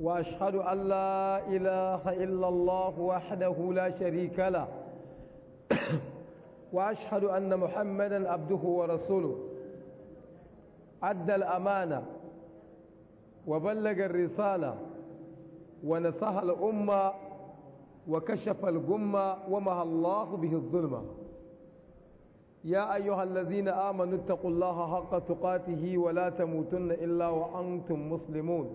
وأشهد أن لا إله إلا الله وحده لا شريك له وأشهد أن محمدا عبده ورسوله أدى الأمانة وبلغ الرسالة ونصح الأمة وكشف الغمة ومهى الله به الظلمة يا أيها الذين آمنوا اتقوا الله حق تقاته ولا تموتن إلا وأنتم مسلمون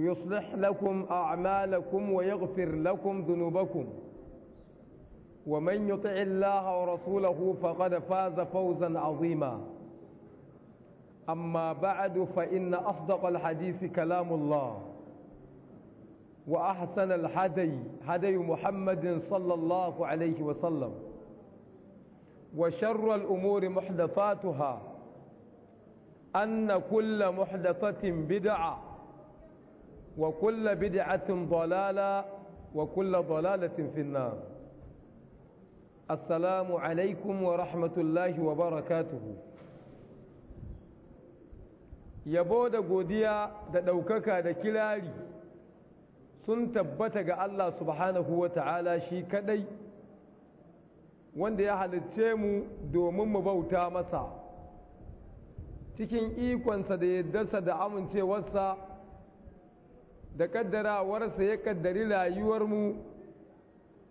يصلح لكم أعمالكم ويغفر لكم ذنوبكم ومن يطع الله ورسوله فقد فاز فوزا عظيما أما بعد فإن أصدق الحديث كلام الله وأحسن الحدي هدي محمد صلى الله عليه وسلم وشر الأمور محدثاتها أن كل محدثة بدعة wa kulla bid'atin dalala wa kulla dalalatin finna assalamu alaikum wa rahmatullahi wa barakatu. yabo da godiya da ɗaukaka da kirari sun tabbata ga Allah subhanahu wa ta'ala shi kadai wanda ya halicce mu domin mu bauta masa cikin ikonsa da yaddarsa da amincewarsa da kaddarawarsa ya kaddari rayuwarmu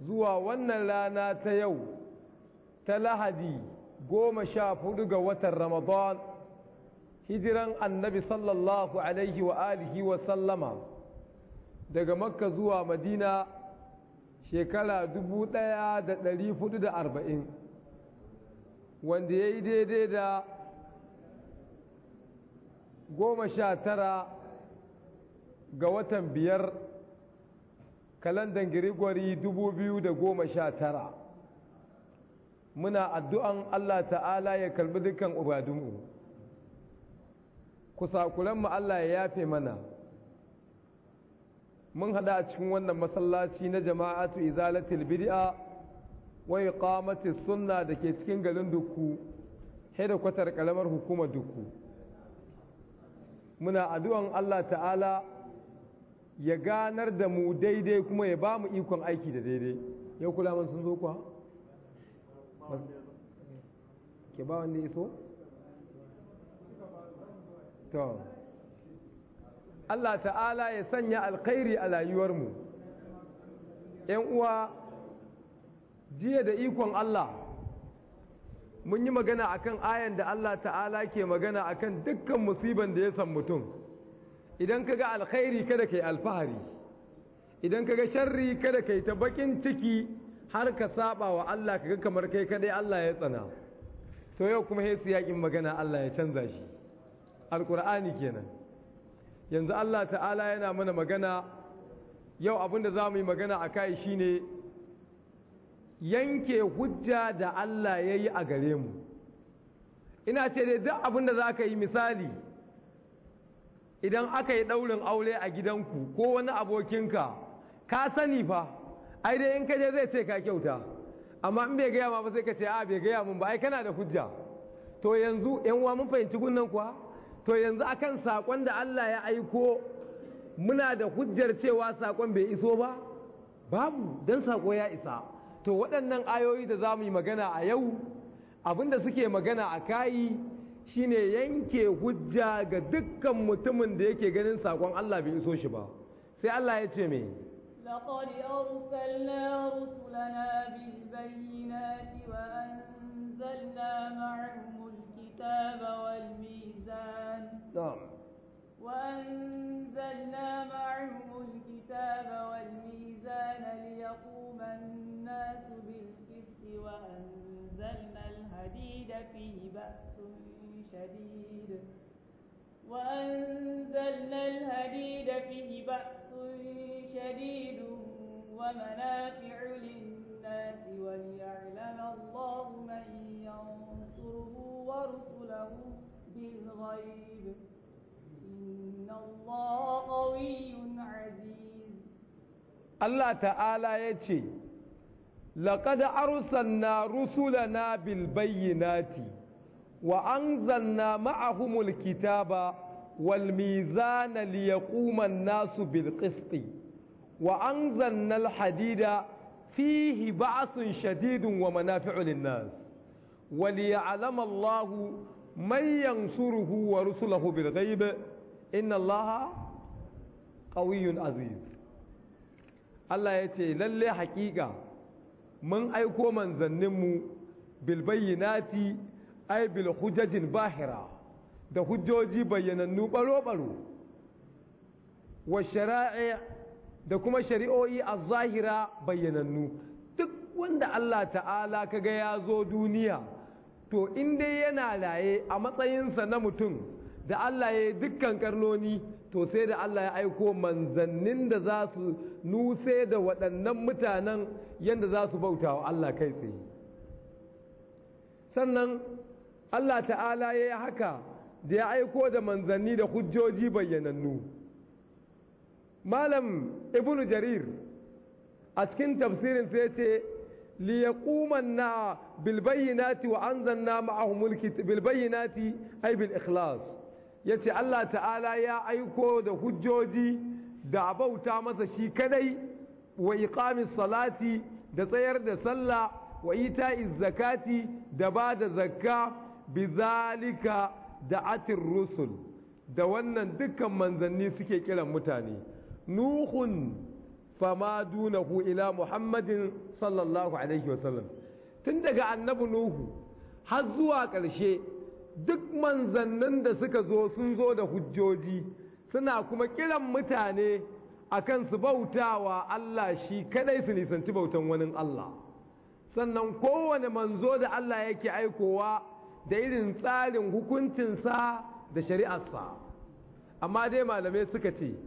zuwa wannan rana ta yau ta lahadi goma sha fudu ga watan ramadan hijiran annabi sallallahu alaihi wa alihi wa sallama daga makka zuwa madina shekara arba'in, wanda ya yi daidai da goma sha tara ga watan biyar kalandan girigwari 2019 muna addu'an Allah ta'ala ya kalbi dukkan ubadunmu kusakuranmu Allah ya yafe mana mun hada a cikin wannan masallaci na jama'atu izalatul bid'a wa suna da ke cikin garin Dukku da kwatar kalamar hukumar duku. muna addu'an Allah ta'ala ya ganar da mu daidai kuma ya ba mu ikon aiki da daidai yau kula man sun zo kuwa? ke ba wanda iso? to Allah ta'ala ya sanya alkhairi a mu. ‘yan uwa jiya da ikon Allah mun yi magana akan ayan da Allah ta'ala ke magana akan dukkan musiban da ya san mutum’ idan ka ga alkhairi kada ka yi alfahari idan ka kaga sharri kada yi ta bakin ciki har ka saba wa Allah ka ga kamar kai kadai Allah ya tsana to yau kuma hesu yakin magana Allah ya canza shi alkur'ani kenan yanzu Allah ta'ala yana mana magana yau da za mu yi magana a kai shi ne yanke hujja da Allah ya yi a gare mu ina ce dai duk da za ka yi misali idan aka yi ɗaurin aure a gidanku ko wani abokinka ka sani fa ai dai in kaje zai ce ka kyauta amma in bai gaya ma ba sai ka ce a bai gaya mun ba ai kana da hujja to yanzu yan uwa mun fahimci gunnan kuwa to yanzu akan sakon da Allah ya aiko muna da hujjar cewa sakon bai iso ba babu dan sako ya isa to waɗannan ayoyi da za mu yi magana a yau abinda suke magana a kayi shine yanke hujja ga dukkan mutumin da yake ganin sakon Allah bai iso shi ba sai Allah ya ce me laqad arsalna rusulana bil bayyinati wa anzalna ma'ahum kitaba wal mizan na'am وأنزلنا معهم الكتاب والميزان ليقوم الناس بالقسط وأنزلنا الحديد فيه بأس شديد وأنزلنا الحديد فيه بأس شديد ومنافع للناس وليعلم الله من ينصره ورسله بالغيب إن الله قوي عزيز الله تعالى يتشي لقد أرسلنا رسلنا بالبينات وأنزلنا معهم الكتاب والميزان ليقوم الناس بالقسط وأنزلنا الحديد فيه بعث شديد ومنافع للناس وليعلم الله من ينصره ورسله بالغيب إن الله قوي عزيز الله يتي للي حقيقة mun aiko manzanninmu bilbayyinati ai bil hujajin bahira da hujjoji bayyanannu baro-baro wa shara'i da kuma shari'o'i a zahira bayyanannu duk wanda Allah ta'ala kaga ya zo duniya to in yana laye a matsayinsa na mutum da Allah ya yi dukkan karnoni to sai da Allah ya aiko manzannin da za su nuse da waɗannan mutanen yadda za su bauta wa Allah kai tsaye sannan Allah ta'ala ya yi haka da ya aiko da manzanni da hujjoji bayyanannu malam ibnu jarir a cikin tafsirin sai ce liyaqumanna bilbayyinati wa anzalna ma'ahumul mulki, bilbayyinati ay bil ikhlas ya ce Allah ta'ala ya aiko da hujjoji da bauta masa shi kadai wa iqamis salati da tsayar da sallah wa ita'iz zakati da ba da zakka bizalika da atir rusul da wannan dukkan manzanni suke kiran mutane nuhun fama dunahu ila muhammadin sallallahu alaihi wasallam tun daga annabi nuhu har zuwa ƙarshe duk manzannin da suka zo sun zo da hujjoji suna kuma kiran mutane akan su bautawa Allah shi kadai su nisanci bautan wani Allah sannan kowane manzo da Allah yake aikowa da irin tsarin hukuncinsa da shari'arsa amma dai malamai suka ce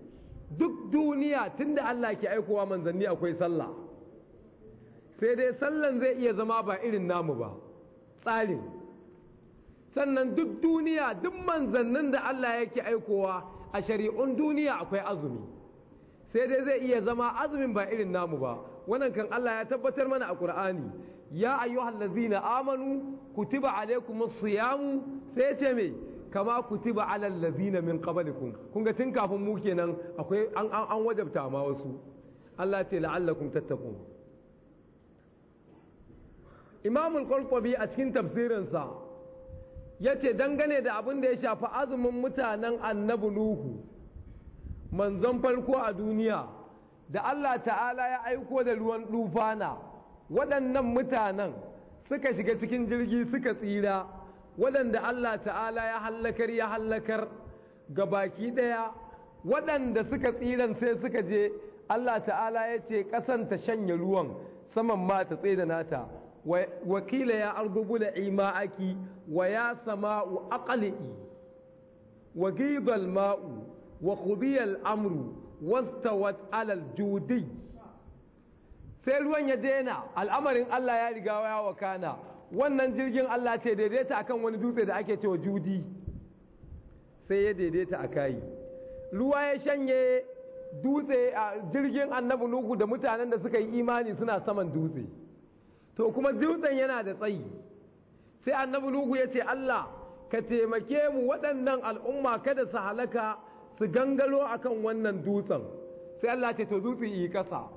duk duniya tun da Allah ke aikowa manzanni akwai sallah sai dai sallan zai iya zama ba irin namu ba tsarin sannan duk duniya duk manzannin da Allah yake aikowa a shari'un duniya akwai azumi sai dai zai iya zama azumin ba irin namu ba wannan kan Allah ya tabbatar mana a Qur'ani ya ladzina amanu kutiba alaikumus siyamu sai ce me kama kutiba alal ladzina min qablikum kun ga tun kafin mu kenan akwai an an wajabta ma wasu Allah ce la'allakum tattaqun Imam al-Qurtubi a cikin tafsirinsa yace dangane da abin da ya shafi azumin mutanen annabi nuhu manzon farko a duniya da Allah ta'ala ya aiko da ruwan dufana waɗannan mutanen suka shiga cikin jirgi suka tsira waɗanda Allah ta'ala ya hallakar ya hallakar ga baki ɗaya waɗanda suka tsiran sai suka je Allah ta'ala ya ce ƙasan ta shanye ruwan saman ma ta tsaye da nata wakila ya argubula ima'aki wa ya sama'u aqli'i wa ghidal ma'u wa qudiya al-amru wastawat ala al-judi sai ruwan ya daina al'amarin Allah ya riga ya wakana wannan jirgin Allah ce daidaita akan wani dutse da ake cewa judi sai ya daidaita a ruwa ya shanye dutse a jirgin annabi nuhu da mutanen da suka yi imani suna saman dutse to kuma dutsen yana da tsayi sai annabi Nuhu ya ce Allah ka taimake mu waɗannan al'umma kada su halaka su gangalo akan wannan dutsen sai Allah ce to dutsen yi ƙasa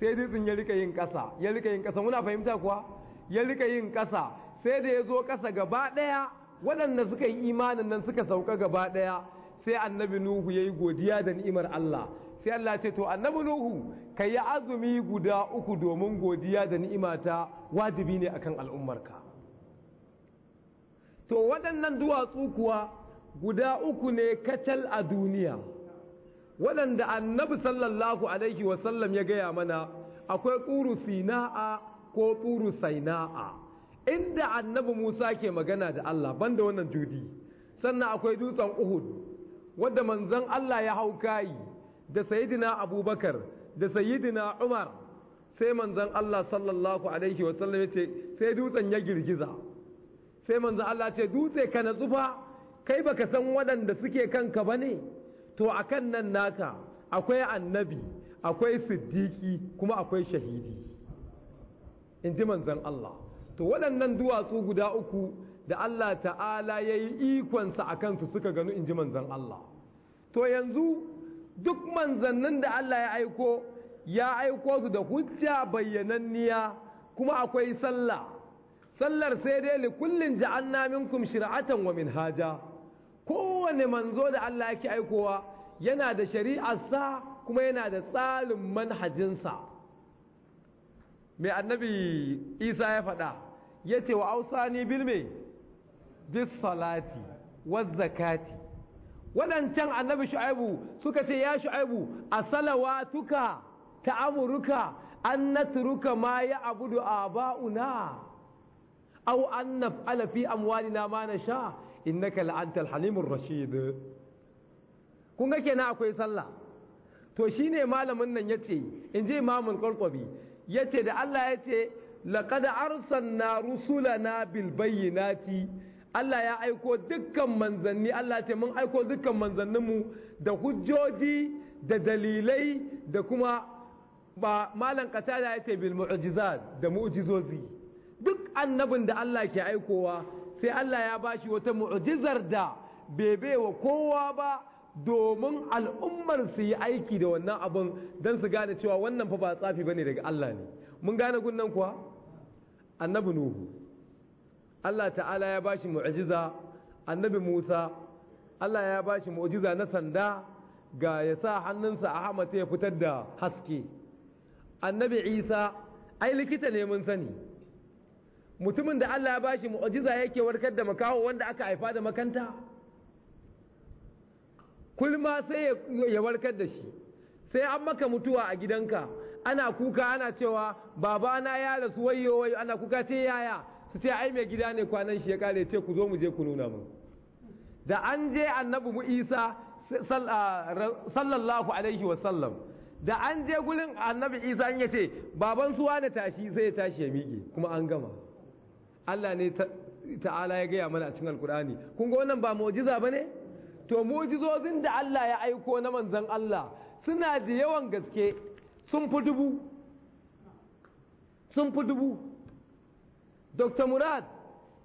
sai dutsen ya rika yin ƙasa ya rika yin ƙasa muna fahimta kuwa ya rika yin ƙasa sai da ya zo ƙasa gaba ɗaya waɗanda suka yi imanin nan suka sauka gaba ɗaya sai annabi nuhu ya yi godiya da ni'imar Allah sai Allah ce to annabi nuhu ka yi azumi guda uku domin godiya da ni'imata wajibi ne akan al'ummarka to waɗannan duwatsu kuwa guda uku ne kacal a duniya waɗanda annabi sallallahu alaihi wasallam ya gaya mana akwai tsuru sina'a ko tsuru saina'a inda annabi musa ke magana da allah banda wannan judi sannan akwai dutsen uhud wadda manzon allah ya hau kayi da sayidina abubakar da sayidina Umar sai manzon Allah sallallahu alaihi wasallam ce, sai dutsen ya girgiza sai manzon Allah ce dutse ka na tsufa kai baka san waɗanda suke kanka ba ne? to a kan nan naka akwai annabi akwai Siddiki, kuma akwai shahidi in ji manzon Allah to waɗannan duwatsu guda uku da Allah ta'ala ya yi ikonsa a kansu suka ganu in ji manzon Allah to yanzu duk manzannin da Allah ya aiko ya aiko su da hujja bayyananniya kuma akwai sallah sallar sai dai li kullin ja'anna minkum shir'atan wa minhaja kowane manzo da Allah yake aikowa yana da shari'ar sa kuma yana da tsarin manhajinsa mai annabi isa ya faɗa yace wa ausani bilme bis salati waz zakati waɗancan annabi shu'aibu suka ce ya shu'aibu a salawatuka ta amuruka an natruka ma ya abudu ba'una. Au an naf'ala fi amwalina ma nasha innaka la'antar halimur rashid kun ga kenan akwai sallah to shi ne malamin nan yace in ji kwalkwabi. Ya yace da Allah yace laqad arsalna rusulana bil bayyinati Allah ya aiko dukkan manzanni Allah ce mun aiko dukkan manzanninmu da hujjoji da dalilai da kuma ba malan ya ce bil mu'jizat da mu'jizozi duk annabin da Allah ke aikowa sai Allah ya bashi wata mu'jizar da bebe wa kowa ba domin al'ummar su yi aiki da wannan abin don su gane cewa wannan fa ba tsafi bane daga Allah ne mun gane gunnan kuwa annabi nuhu Allah ta'ala ya bashi mu'jiza annabi Musa Allah ya bashi mu'jiza na sanda ga ya sa hannunsa a hamata ya fitar da haske annabi Isa ai likita ne mun sani mutumin da Allah ya bashi mu'jiza yake warkar da makaho wanda aka haifa da makanta kulma sai ya warkar da shi sai an maka mutuwa a gidanka ana kuka ana cewa babana ya rasu wayo wayo ana kuka ce yaya su ce ai mai gida ne kwanan shi ya kare ce ku zo mu je ku nuna mun da an je annabi mu isa sallallahu alaihi wasallam da an je gurin annabi isa an yace baban suwa ne tashi sai ya tashi ya miƙe kuma an gama Allah ne ta'ala ya gaya mana a cikin alkur'ani kun ga wannan ba mu'jiza bane to mu'jizozin da Allah ya aiko na manzon Allah suna da yawan gaske sun fi dubu sun fi dubu دكتور مراد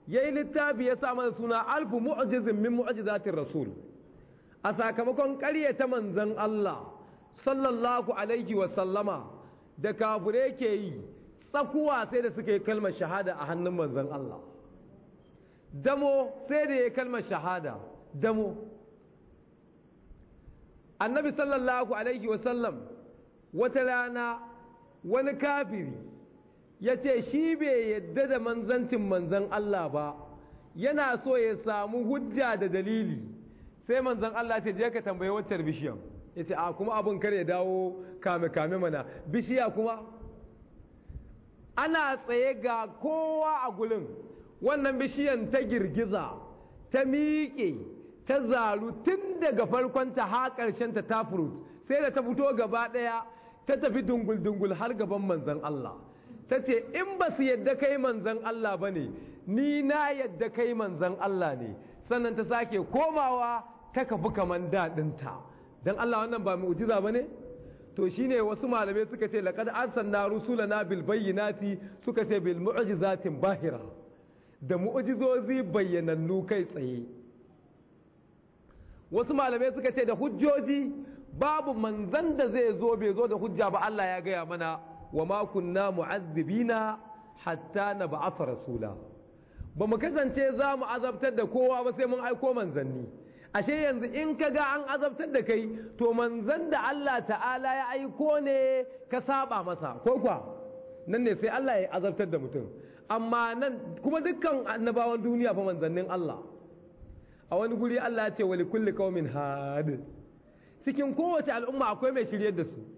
يين يا سامر سنا ألف معجز من معجزات الرسول أساكم كون قرية تمن زن الله صلى الله عليه وسلم دكابريكي صفوا سيدة سكي كلمة شهادة أهن من زن الله دمو سيدة كلمة شهادة دمو النبي صلى الله عليه وسلم وتلانا ونكابري ya ce shi bai yadda da manzancin manzan Allah ba yana so ya samu hujja da dalili sai manzan Allah ce je ka tambaye waccar bishiyan ya ce a kuma abin kar dawo kame-kame mana bishiya kuma ana tsaye ga kowa a gulin wannan bishiyan ta girgiza ta miƙe ta zaru tun daga farkonta ha ƙarshenta ta furut sai da ta fito gaba ɗaya ta tafi dungul-dungul har gaban manzan Allah ta ce in ba su yadda kai manzan Allah ba ne ni na yadda kai manzan Allah ne sannan ta sake komawa ta kafi kaman daɗinta don Allah wannan ba mu'jiza ba ne to shi ne wasu malamai suka ce laqad arsalna rusulana bil bayyinati suka ce bil mu'jizatin bahira da mu'jizozi bayyanannu kai tsaye wasu malamai suka ce da hujjoji babu manzan da zai zo bai zo da hujja ba Allah ya gaya mana wa ma kunna mu'azzibina hatta nab'atha rasula ba mu kasance za mu azabtar da kowa ba sai mun aiko manzanni ashe yanzu in ka ga an azabtar da kai to manzan da Allah ta'ala ya aiko ne ka saba masa ko kwa nan ne sai Allah ya azabtar da mutum amma nan kuma dukkan annabawan duniya fa manzannin Allah a wani guri Allah ya ce wa likulli qaumin had cikin kowace al'umma akwai mai shiryar da su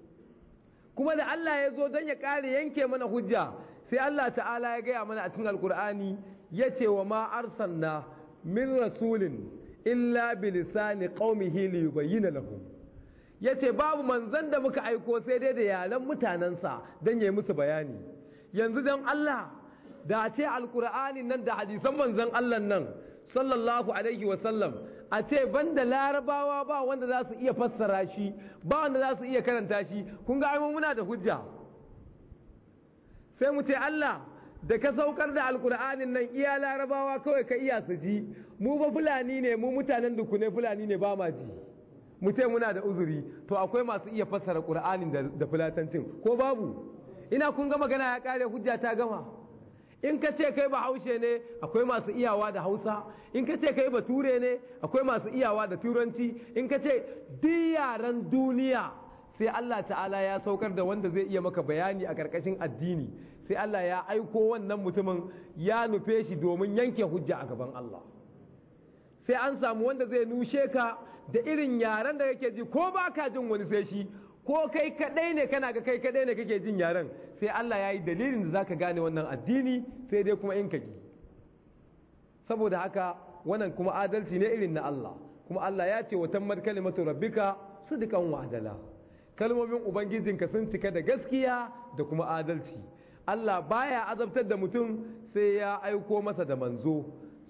kuma da Allah ya zo don ya ƙare yanke mana hujja sai Allah ta'ala ya gaya mana a cikin alkur'ani ya ce wa ma na, min rasulin illa bilisani qaumihi li yubayyana lahum yace babu manzon da muka aiko sai dai da yalan mutanansa dan yayi musu bayani yanzu dan Allah da ce alkur'ani nan da hadisan manzon Allah nan sallallahu alaihi wa sallam a ce ban da larabawa ba wanda za su iya fassara shi ba wanda za su iya karanta shi kun ga aimun muna da hujja sai mu ce Allah da ka saukar da alkur'anin nan iya larabawa kawai ka iya su ji mu ba fulani ne mu mutanen ne fulani ne ba ma ji mu ce muna da uzuri to akwai masu iya fassara qur'anin da ko babu ina kun ga magana ya kare hujja ta gama in ka ce kai bahaushe ne akwai masu iyawa da hausa in ka ce kai bature ne akwai masu iyawa da turanci in ka ce duk yaren duniya sai Allah ta'ala ya saukar da wanda zai iya maka bayani a ƙarƙashin addini sai Allah ya aiko wannan mutumin ya nufe shi domin yanke hujja a gaban Allah sai an samu wanda zai nushe ka da irin yaren da kake ji ko ba ka jin wani sai shi ko kai kadai ne kana ga kai kadai ne kake jin yaren sai Allah ya yi dalilin da zaka gane wannan addini sai dai kuma in ka ji saboda haka wannan kuma adalci ne irin na Allah kuma Allah ya ce wa tammar kalimatu rabbika sidqan wa adala kalmomin ubangijinka sun cika da gaskiya da kuma adalci Allah baya azabtar da mutum sai ya aiko masa da manzo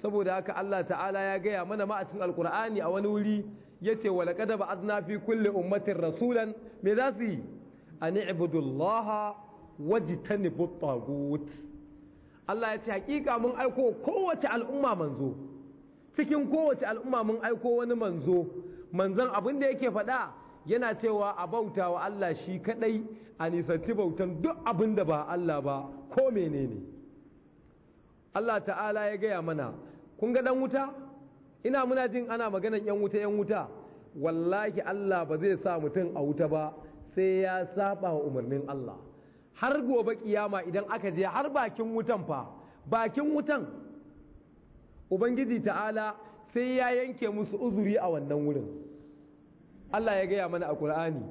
saboda haka Allah ta'ala ya gaya mana ma a cikin alkur'ani a wani wuri yace laƙada ba ba'adna fi kulle ummatin rasulan me za su yi an waji ta wajtanibu tagut Allah ya ce hakika mun aiko kowace al'umma manzo cikin kowace al'umma mun aiko wani manzo manzon abin da yake faɗa yana cewa a bauta wa Allah shi kaɗai a nisanci bautan duk abin da ba Allah ba ko menene Allah ta'ala ya gaya mana kun ga dan wuta ina muna jin ana maganan yan wuta yan wuta wallahi Allah ba zai sa mutum a wuta ba sai ya saba wa umarnin Allah har gobe kiyama idan aka je har bakin wutan fa bakin wutan ubangiji ta'ala sai ya yanke musu uzuri a wannan wurin Allah ya gaya mana a Qur'ani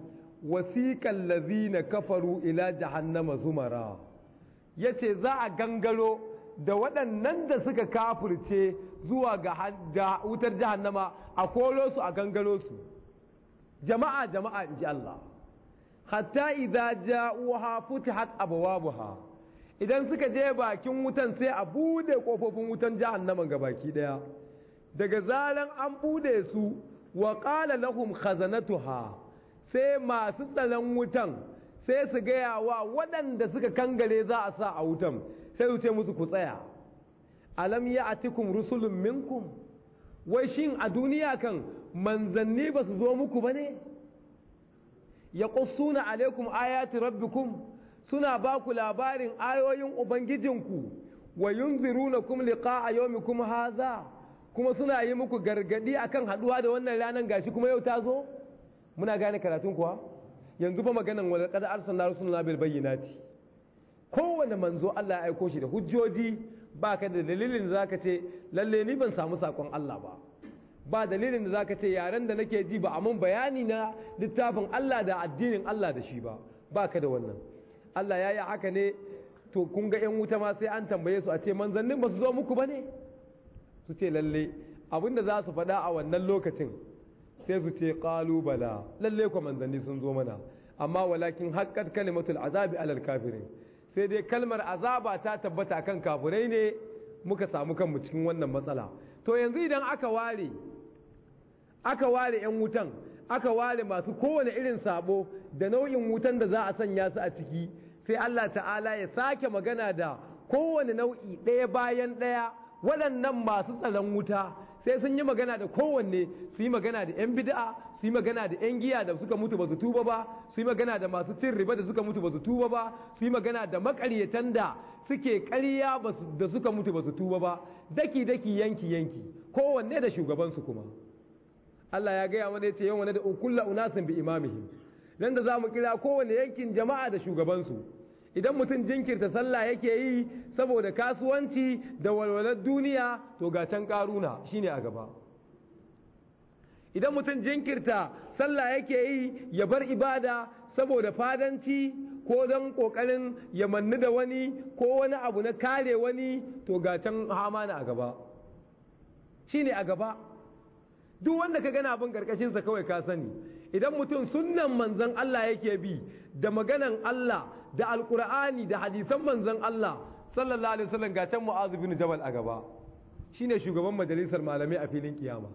wasiqal ladzina kafaru ila jahannama zumara yace za a gangaro da waɗannan da suka kafirce zuwa ga wutar jahannama a kolo su a gangaro su jama'a jama'a in ji Allah hatta idza ja'uha futihat abwabuha idan suka je bakin wutan sai a bude kofofin wutan jahannama baki daya daga zalan an bude su wa qala lahum khazanatuha sai masu tsaron wutan sai su gaya wa waɗanda suka kangare za a sa a wutan sai su ce musu ku tsaya alam ya atikum rusulun minkum wai shin a duniya kan manzanni ba su zo muku ba ne ya ƙusuna alaikum ayati rabbikum suna ba ku labarin ayoyin ubangijinku wa yunzirunakum liqa'a yawmikum haza kuma suna yi muku gargadi akan haduwa da wannan ranar gashi kuma yau ta zo muna gane karatun kuwa yanzu ba maganan wala laqad arsalna rusulana bil bayyinati kowanne manzo Allah ya aiko shi da hujjoji ba ka da dalilin da za ka ce lalle ni ban samu sakon Allah ba ba dalilin da za ka ce yaren da nake ji ba a bayani na littafin Allah da addinin Allah da shi ba ba ka da wannan Allah ya yi haka ne to kun ga 'yan wuta ma sai an tambaye su a ce manzannin ba su zo muku ba ne su ce lalle da za su faɗa a wannan lokacin sai su ce ƙalubala lalle kwa manzanni sun zo mana amma walakin haƙƙar kalimatul azabi alal kafirin sai dai kalmar azaba ta tabbata kan kafurai ne muka samu kanmu cikin wannan matsala to yanzu idan aka ware aka ware 'yan wutan aka ware masu kowane irin sabo da nau'in wutan da za a sanya su a ciki sai Allah ta'ala ya sake magana da kowane nau'i ɗaya bayan ɗaya waɗannan masu tsaron wuta sai sun yi magana da kowanne su yi magana da 'yan bid'a su yi magana da 'yan giya da suka mutu ba su tuba ba su yi magana da masu cin riba da suka mutu ba su tuba ba su yi magana da makaryatan da suke karya da suka mutu ba su tuba ba daki daki yanki yanki kowanne da shugabansu kuma Allah ya gaya mana yace yawan da kulla unasin bi imamihim nan da zamu kira kowanne yankin jama'a da shugabansu idan mutum jinkirta sallah yake yi saboda kasuwanci da walwalar duniya to ga can karuna shine a gaba idan mutum jinkirta sallah yake yi ya bar ibada saboda fadanci ko don ƙoƙarin ya manni da wani ko wani abu na kare wani to ga can hamana a gaba shi ne a gaba duk wanda ka gana abin ƙarƙashinsa kawai ka sani idan mutum sunan manzan Allah yake bi da maganan Allah da alƙur'ani da hadisan manzan Allah sallallahu alaihi wasallam ga can jabal a gaba shine shugaban majalisar malamai a filin kiyama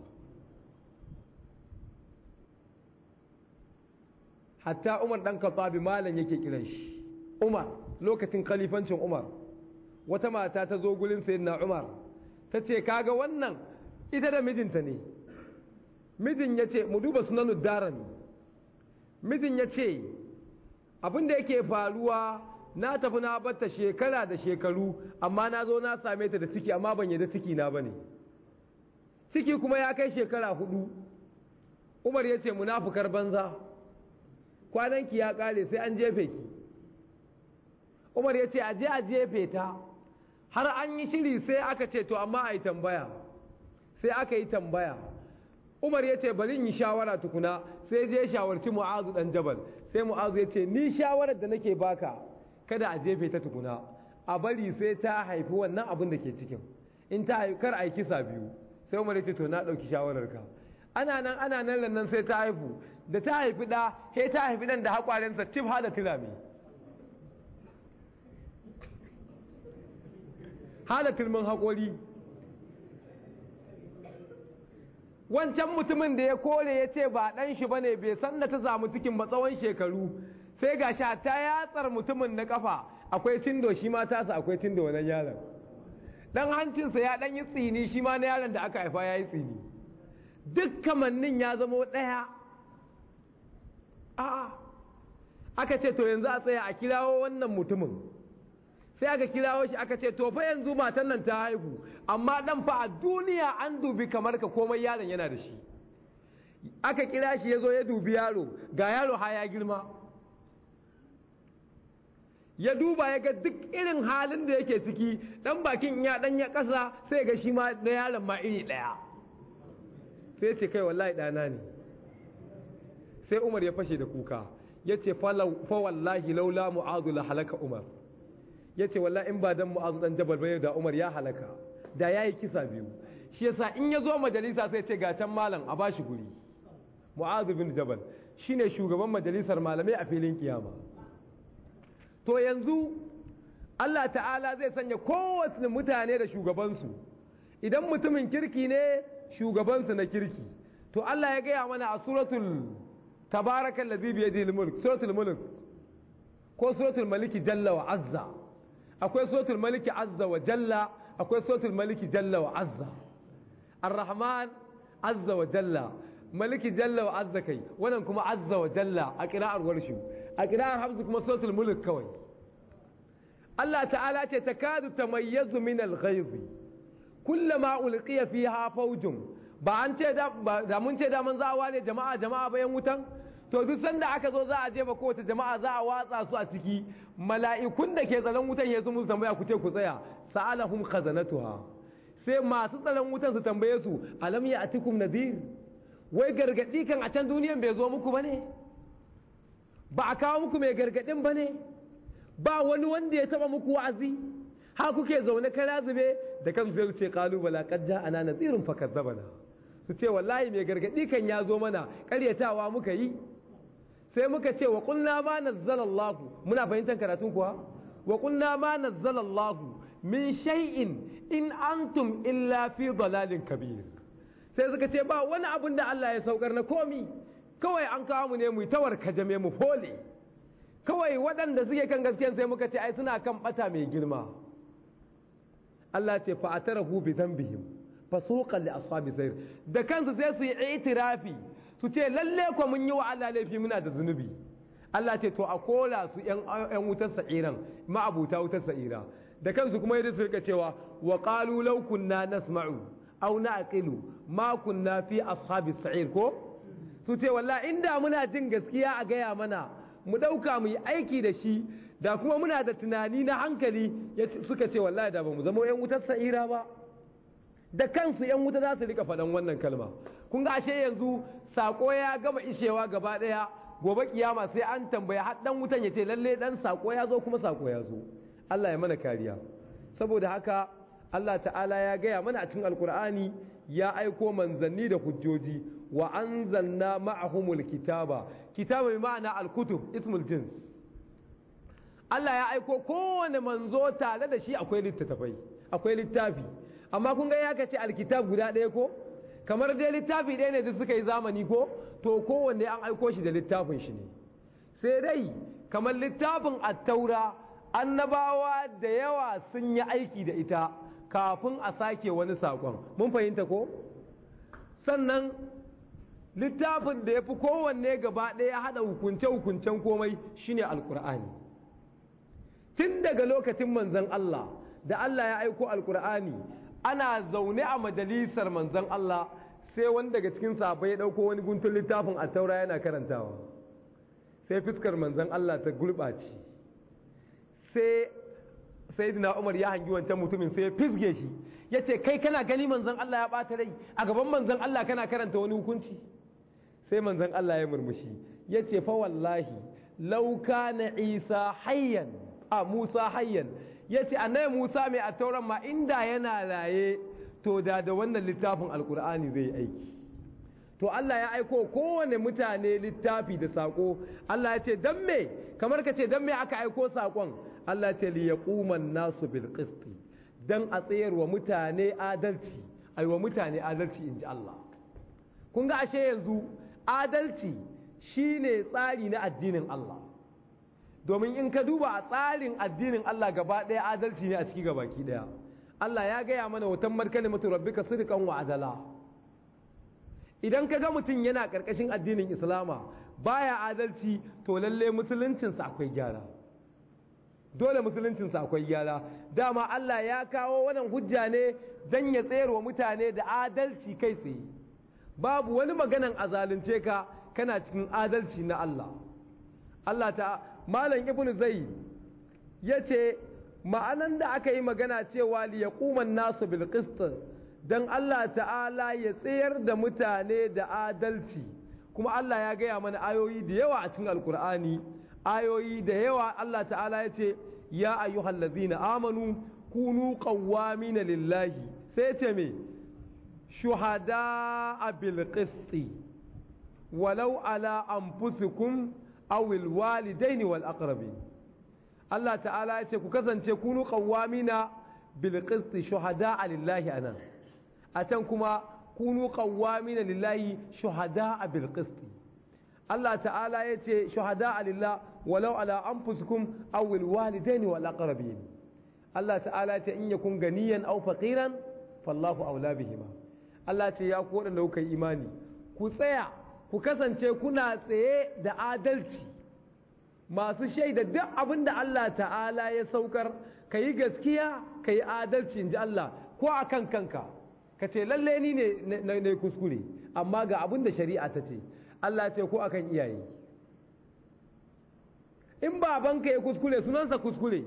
hatta umar ɗan kasabi malam yake kiran shi umar lokacin kalifancin umar wata mata ta zo sayin na umar ta ce kaga wannan ita da mijinta ne mijin ya ce mu duba sunanu darami mijin ya ce abin da yake faruwa na tafi na batta shekara da shekaru amma na zo na same ta da ciki amma ban yadda ciki na bane ciki kuma ya kai shekara hudu umar ya ce munafukar banza kwananki ya kare sai an jefe ki umar ya ce a je a jefe ta har an yi shiri sai aka ce to amma a yi tambaya sai aka yi tambaya umar ya ce bari in yi shawara tukuna sai je shawarci mu'azu dan jabal sai mu'azu ya ce ni shawarar da nake baka kada a jefe ta tukuna a bari sai ta haifi wannan abin da ke cikin in ta haifi kar a yi kisa biyu sai umar ya ce to na ɗauki shawararka ana nan ana nan nan sai ta haifu da ta haifi ɗa he ta haifi ɗan da haƙwarensa cif ha da ha da turmin haƙori wancan mutumin da ya kore ya ce ba ɗan shi ba ne bai san da ta samu cikin ba tsawon shekaru sai ga sha ta yatsar mutumin na ƙafa akwai cindo shi ma tasa akwai cindo wannan yaron ɗan hancinsa ya ɗan yi tsini shi ma na yaron da aka haifa ya yi tsini duk kamannin ya zamo ɗaya a'a aka ce to yanzu a tsaya a kirawo wannan mutumin sai aka kirawo shi aka ce to fa yanzu matan nan ta haihu amma dan fa a duniya an dubi kamar ka komai yaron yana da shi aka kira shi ya zo ya dubi yaro ga yaro ha ya girma ya duba ya ga duk irin halin da yake ciki dan bakin ya dan ya kasa sai ga shi ma na yaron ma iri ɗaya. sai ce kai wallahi dana ne sai Umar ya fashe da kuka ya ce fa wallahi laula mu'adh la halaka Umar ya ce wallahi in ba dan mu'azu dan Jabal bayar da Umar ya halaka da ya yi kisa biyu shi yasa in ya zo majalisa sai ce ga can malam a bashi guri mu'adh bin Jabal shine shugaban majalisar malamai a filin kiyama to yanzu Allah ta'ala zai sanya kowace mutane da shugabansu idan mutumin kirki ne shugabansu na kirki to Allah ya gaya mana a suratul تبارك الذي بيده الملك سورة الملك كو سورة الملك جل وعز أكو سورة الملك عز وجل أكو سورة الملك جل وعز الرحمن عز وجل ملك جل وعز كي ونمكم عز وجل أكراء الورشو أكراء حفظكم سورة الملك كوي الله تعالى تكاد تميز من الغيظ ما ألقي فيها فوج ba an ce da mun ce da manzo awa to duk sanda aka zo za a jefa kowace jama'a za a watsa su a ciki mala'ikun da ke tsaron wutan ya su musu tambaya ku ce ku tsaya sa'alahum khazanatuha sai masu tsaron wutan su tambaye su alam ya atikum nadir wai gargadi kan a can duniyan bai zo muku bane ba a kawo muku mai gargadin bane ba wani wanda ya taba muku wa'azi ha kuke zaune kara zube da kan zai ce bala kad ja'ana nadirun fakazzabana su ce wallahi mai gargadi kan ya zo mana karyatawa muka yi sai muka ce wa kunna ma nazzalallahu muna fahimtar karatun kuwa wa kunna ma nazzalallahu min shay'in in antum illa fi dalalin kabir sai suka ce ba wani abun da Allah ya saukar na komi kawai an kawo mu ne mu tawar kajame mu fole kawai waɗanda suke kan gaskiya sai muka ce ai suna kan bata mai girma Allah ce fa atarahu bi dhanbihim fasuqan li ashabi sayr da kansu sai su yi itirafi su ce lalle ko mun yi wa Allah laifi muna da zunubi Allah ce to a kola su ‘yan wutar sa'iran ma'abuta wutar sa'ira da kansu kuma yadda su rika cewa wa ƙalu laukun na nasma'u au na aqilu ma kunna fi ashabi sa'ir ko su ce walla inda muna jin gaskiya a gaya mana mu ɗauka mu yi aiki da shi da kuma muna da tunani na hankali suka ce wallahi da ba mu zama ‘yan wutar sa'ira ba da kansu ‘yan wuta za su rika faɗan wannan kalma kun ga ashe yanzu sako ya gama ishewa gaba ɗaya gobe kiyama sai an tambaya har dan wutan yace lalle dan sako ya zo kuma sako ya zo Allah ya mana kariya saboda haka Allah ta'ala ya gaya mana a cikin alkur'ani ya aiko manzanni da hujjoji wa anzalna ma'ahumul kitaba kitaba bi ma'ana Alkutub, ismul jins Allah ya aiko kowane manzo tare da shi akwai littattafai akwai littafi amma kun ga ya kace alkitab guda ɗaya ko kamar dai littafi ɗaya ne duk suka yi zamani ko to kowanne an aiko shi da littafin shi ne sai dai kamar littafin attaura annabawa da yawa sun yi aiki da ita kafin a sake wani saƙon mun fahimta ko sannan littafin da ya fi kowanne gaba ɗaya haɗa hukunce-hukuncen komai shine alkur'ani tun daga lokacin manzon Allah da Allah ya aiko alkur'ani ana zaune a majalisar manzon Allah sai wani daga cikin sahabbai ya dauko wani guntun littafin a taura yana karantawa sai fiskar manzon Allah ta gulbace sai sayyidina Umar ya hangi wancan mutumin sai ya fisge shi yace kai kana gani manzon Allah ya bata rai a gaban manzon Allah kana karanta wani hukunci sai manzon Allah ya murmushi yace fa wallahi law kana Isa hayyan a Musa hayyan ya ce annai musa mai a tauran ma inda yana raye to da da wannan littafin alkur'ani zai aiki to Allah ya aiko kowane mutane littafi da sako, Allah ya ce don me kamar ka ce dan me aka aiko saƙon Allah ya ce li yaquman nasu bil don dan a wa mutane adalci ai wa mutane adalci inji Allah kun ga ashe yanzu adalci shine tsari na addinin Allah domin in ka duba a tsarin addinin Allah gaba ɗaya adalci ne a ciki gaba ki ɗaya Allah ya gaya mana wutan markali mutu rabbi ka sirkan kan adala idan ka ga mutum yana ƙarƙashin addinin islama baya adalci to lalle musuluncinsa akwai gyara dole musuluncinsa akwai gyara dama Allah ya kawo wannan hujja ne don ya tsayar wa mutane da adalci kai tsaye babu wani maganan a zalunce ka kana cikin adalci na Allah Allah ta malam ibn zai ya ce ma'anan da aka yi magana cewa li yaquman nasu bil dan Allah ta'ala ya tsayar da mutane da adalci kuma Allah ya gaya mana ayoyi da yawa a cikin alkur'ani ayoyi da yawa Allah ta'ala ya ce ya na amanu kunu na lillahi sai ce me shuhada a qisti walau ala anfusikum أو الوالدين والأقربين الله تعالى يتكوكثن تكونوا قوامين بالقسط شهداء لله أنا أتنكما كونوا قوامين لله شهداء بالقسط الله تعالى يتي شهداء لله ولو على أنفسكم أو الوالدين والأقربين الله تعالى يتي إن يكون غنيا أو فقيرا فالله أولى بهما الله تعالى يقول أنه كإيماني كثير ku kasance kuna tsaye da adalci masu shaida duk abin da Allah ta'ala ya saukar ka yi gaskiya ka yi adalci in ji Allah ko a kan kanka ka ce lalle ni ne na kuskure amma ga abin da shari'a ta ce Allah ce ko akan iyaye in babanka ya kuskure sunansa kuskure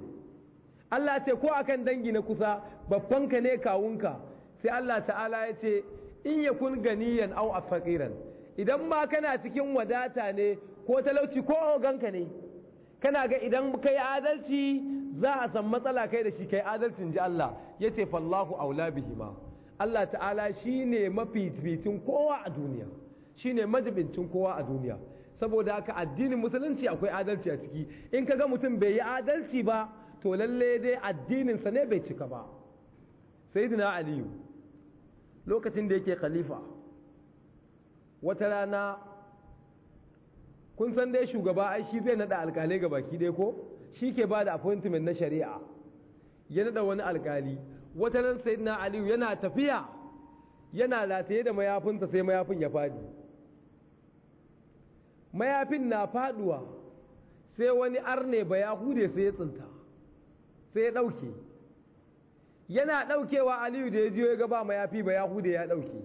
Allah ce ko akan dangi na kusa babbanka ne kawunka sai Allah ta'ala ya ce in yakun ganiyan au a faƙiran idan ma kana cikin wadata ne ko talauci ko oganka ne kana ga idan ka yi adalci za a san matsala kai da shi kai adalcin ji Allah ya ce fallahu aula bihima Allah ta'ala shi ne mafificin kowa a duniya Shi ne majibincin kowa a duniya saboda haka addinin musulunci akwai adalci a ciki in ka ga mutum bai yi adalci ba to lalle dai addininsa ne bai cika ba sayyidina aliyu lokacin da yake khalifa wata rana kun san dai shugaba ai shi zai nada alkalai ga baki dai ko shi ke ba da appointment na shari'a ya nada wani alkali wata ran sayyidina aliyu yana tafiya yana lataye da mayafinsa sai mayafin ya fadi mayafin na faduwa sai wani arne ba ya hude sai ya tsinta sai ya dauke yana daukewa aliyu da ya jiyo ya ga ba mayafi ba ya hude ya dauke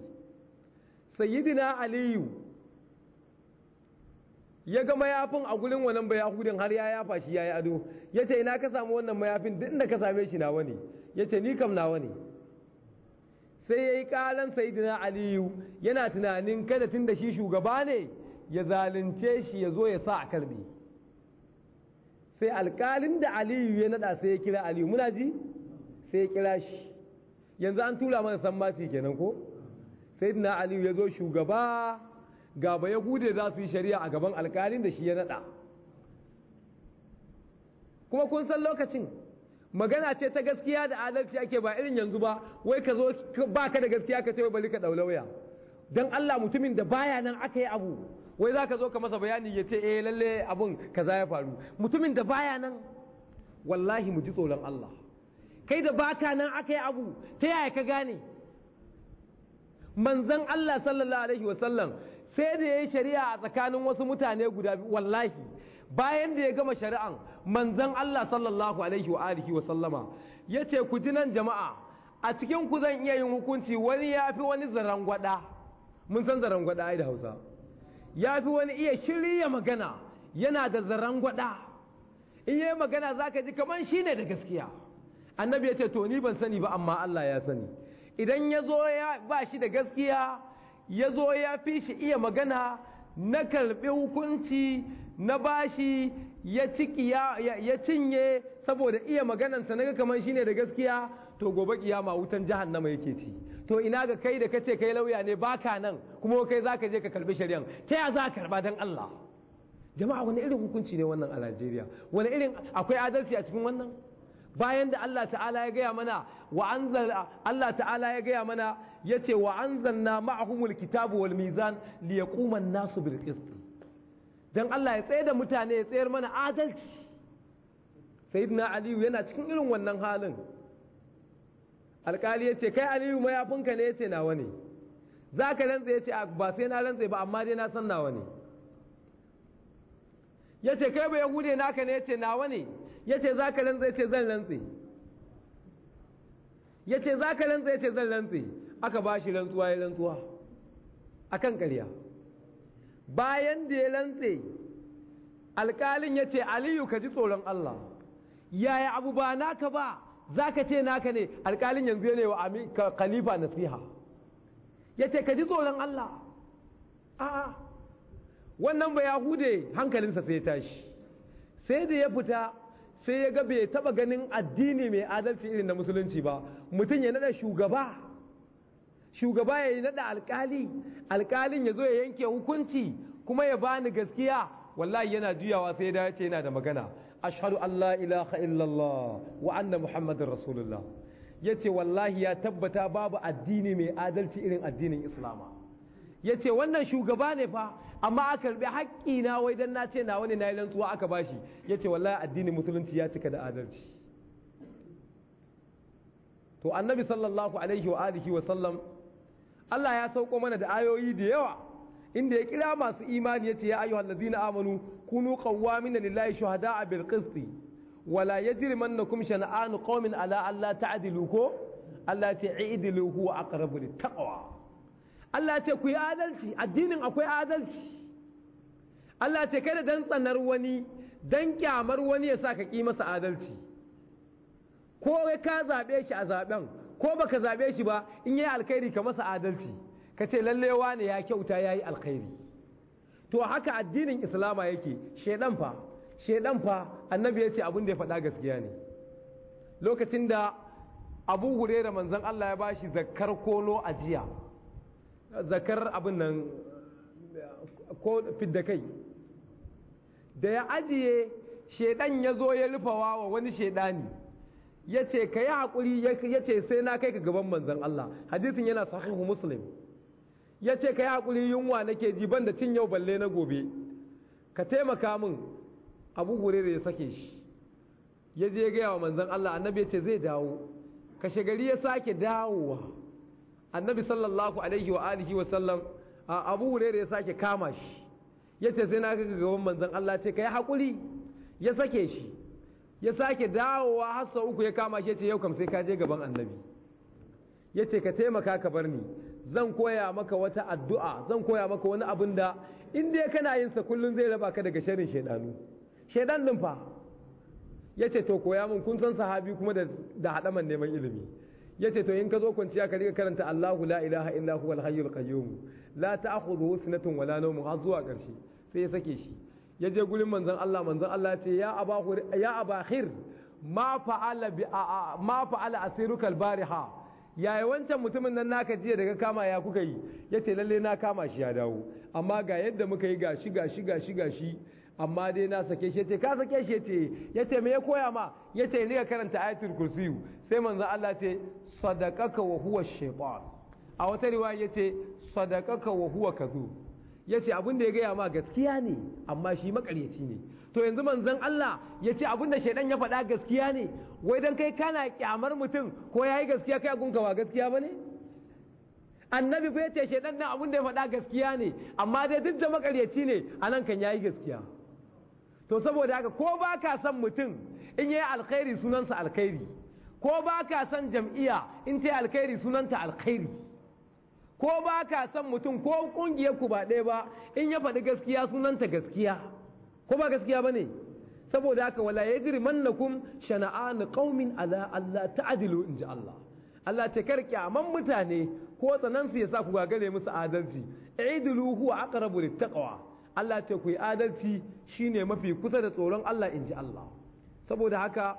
sayyidina aliyu ya ga mayafin a gurin wannan bayahudin har ya yafa shi ya yi ado ya ce ina ka samu wannan mayafin duk da ka same shi nawa ne ya ce ni kam nawa ne sai ya yi kalan sayidina aliyu yana tunanin kada tun da shi shugaba ne ya zalunce shi ya zo ya sa a karbe sai alkalin da aliyu ya naɗa sai ya kira aliyu muna ji sai ya kira shi yanzu an tura mana san kenan ko sai na Aliyu ya zo shugaba ga gaba hude za su yi shari'a a gaban alkalin da shi ya nada kuma kun san lokacin magana ce ta gaskiya da adalci ake ba irin yanzu ba wai ka zo ba ka da gaskiya ka ce wai ka ɗau lauya don Allah mutumin da baya nan aka yi abu wai za ka zo ka masa bayani ya ce eh lalle abun kaza ya faru mutumin da baya nan wallahi mu ji tsoron Allah kai da baka nan aka yi abu ta yaya ka gane manzan Allah sallallahu alaihi wasallam sai da ya yi shari'a a tsakanin wasu mutane guda biyu wallahi bayan da ya gama shari'an manzan Allah sallallahu alaihi wa alihi wa sallama yace ku ji nan jama'a a cikin ku zan iya yin hukunci wani ya fi wani zarangwada mun san zarangwada ai da Hausa Ya fi wani iya shirya magana yana da zarangwada in yayi magana zaka ji kaman ne da gaskiya annabi ya ce to ni ban sani ba amma Allah ya sani idan ya zo ya ba shi da gaskiya ya zo ya fi shi iya magana na karɓi hukunci na bashi ya ya cinye saboda iya maganansa na ga kamar shi ne da gaskiya to gobe kiyama wutan jahannama yake ci to ina ga kai da kace kai lauya ne baka nan kuma kai za ka je ka karbi shari'an ta ya za ka karba dan Allah jama'a wani irin hukunci ne wannan a Najeriya wani irin akwai adalci a cikin wannan bayan da Allah ta'ala ya gaya mana Allah ta'ala ya gaya mana ya ce wa zanna ma'ahumul kitabu wal mizan liya kuman nasu bil Don Allah ya tsaye da mutane ya tsayar mana adalci sayyidina aliyu yana cikin irin wannan halin alkali ya ce kai aliyu mayafinka ne ya ce nawa ne za ka rantse ya ce ah, ba sai na rantse ba amma dai na san nawa ne ya ce kai ba yahude naka ne ya ce nawa ne ya ce za ka rantsa ya ce zan rantse ya ce za ka rantse ya ce zan rantse aka ba shi rantsuwa ya rantsuwa a kan ƙarya bayan da ya rantse alƙalin ya ce aliyu ka ji tsoron Allah yaya abu ba naka ba za ka ce naka ne alƙalin yanzu ne wa khalifa nasiha ya ce ka ji tsoron Allah a'a wannan ba hude hankalinsa sai ya tashi sai da ya fita sai ya ga bai taba ganin addini mai adalci irin na musulunci ba mutum ya nada shugaba shugaba ya yi nada alkali alkalin ya zo ya yanke hukunci kuma ya bani gaskiya wallahi yana juyawa sai ya dace yana da magana ashhadu Allah ilaha illallah wa anna muhammadar rasulullah yace wallahi ya tabbata babu addini mai adalci irin addinin islama yace wannan shugaba ne fa amma a karbi haƙƙi na wai dan na ce na wani na yi rantsuwa aka bashi ya ce wallahi addinin musulunci ya cika da adalci to annabi sallallahu alaihi wa alihi wa sallam Allah ya sauko mana da ayoyi da yawa inda ya kira masu imani ya ce ya ayyuhal ladina amanu kunu qawwamina lillahi shuhada'a bil qisti wala yajrimannakum shana'anu qaumin ala alla ta'dilu ko Allah ya ce i'dilu huwa aqrabu lit taqwa Allah ce ku yi adalci addinin akwai adalci Allah ce kada dan tsanar wani dan kyamar wani ya sa ka ƙi masa adalci ko ka zaɓe shi a zaɓen ko baka zaɓe shi ba in yi alkhairi ka masa adalci ka ce lallewa ne ya kyauta ya yi alkhairi to haka addinin islama yake shaidan fa shaidan fa annabi ya ce abin da ya faɗa gaskiya ne lokacin da abu hurera manzon Allah ya bashi zakkar kono jiya. zakar abin nan ko fidda kai da ya ajiye shaidan ya zo ya rufawa wa wani shaidani ya ce ka yi haƙuri ya ce sai na kai ka gaban manzan Allah hadisin yana sahihu muslim ya ce ka yi haƙuri yunwa nake ji ban da cin yau balle na gobe ka taimaka min abu da ya sake shi ya je gaya wa manzan Allah annabi ya ce zai dawo kashe gari ya sake dawowa annabi sallallahu alaihi wa alihi wa sallam abu da ya sake kama shi yace sai na ga gaban manzon Allah ce kai hakuri ya sake shi ya sake dawowa har sau uku ya kama shi yace yau kam sai ka je gaban annabi yace ka taimaka ka bar ni zan koya maka wata addu'a zan koya maka wani abin da in dai kana yin sa kullun zai raba ka daga sharrin shaydanu shaydan din fa yace to koya min kun san sahabi kuma da da hadaman neman ilimi yace to in ka zo kwanciya ka riga karanta Allahu la ilaha illa huwa al-hayyul qayyum la ta'khudhuhu sinatun wala nawm har zuwa karshe sai ya sake shi yaje gurin manzon Allah manzon Allah ce ya abahu ya abakhir ma fa'ala bi ma fa'ala asiruka al-bariha yayi wancan mutumin nan naka jiya daga kama ya kuka yi yace lalle na kama shi ya dawo amma ga yadda muka yi gashi gashi gashi gashi amma dai na sake shi ce ka sake shi ce ya ce me ya koya ma ya ce ni ka karanta ayatul kursiyu sai manzon Allah ce sadaqaka wa huwa shaytan a wata riwaya ya ce sadaqaka wa huwa kazu ya ce abin da ya gaya ma gaskiya ne amma shi makaryaci ne to yanzu manzon Allah ya ce abin da shaidan ya faɗa gaskiya ne wai dan kai kana kyamar mutum ko yayi gaskiya kai gunka ba gaskiya bane annabi ko ya ce shaidan nan abin da ya faɗa gaskiya ne amma dai duk da makaryaci ne anan kan yayi gaskiya to saboda haka ko ba ka son mutum in yi alkhairi sunansa alkhairi ko ba ka son jam'iyya in ta yi alkhairi sunanta alkhairi ko ba ka son mutum ko kungiyar ku ba ɗaya ba in ya faɗi gaskiya sunanta gaskiya ko ba gaskiya ba ne saboda haka wala ya jiri mannakum shana'an qaumin ala Allah ta'dilu in ji Allah Allah ce kar kyaman mutane ko tsanansu ya sa ku gagare musu adalci idulu huwa aqrabu littaqwa Allah Ta ku yi adalci ne mafi kusa da tsoron Allah in ji Allah saboda haka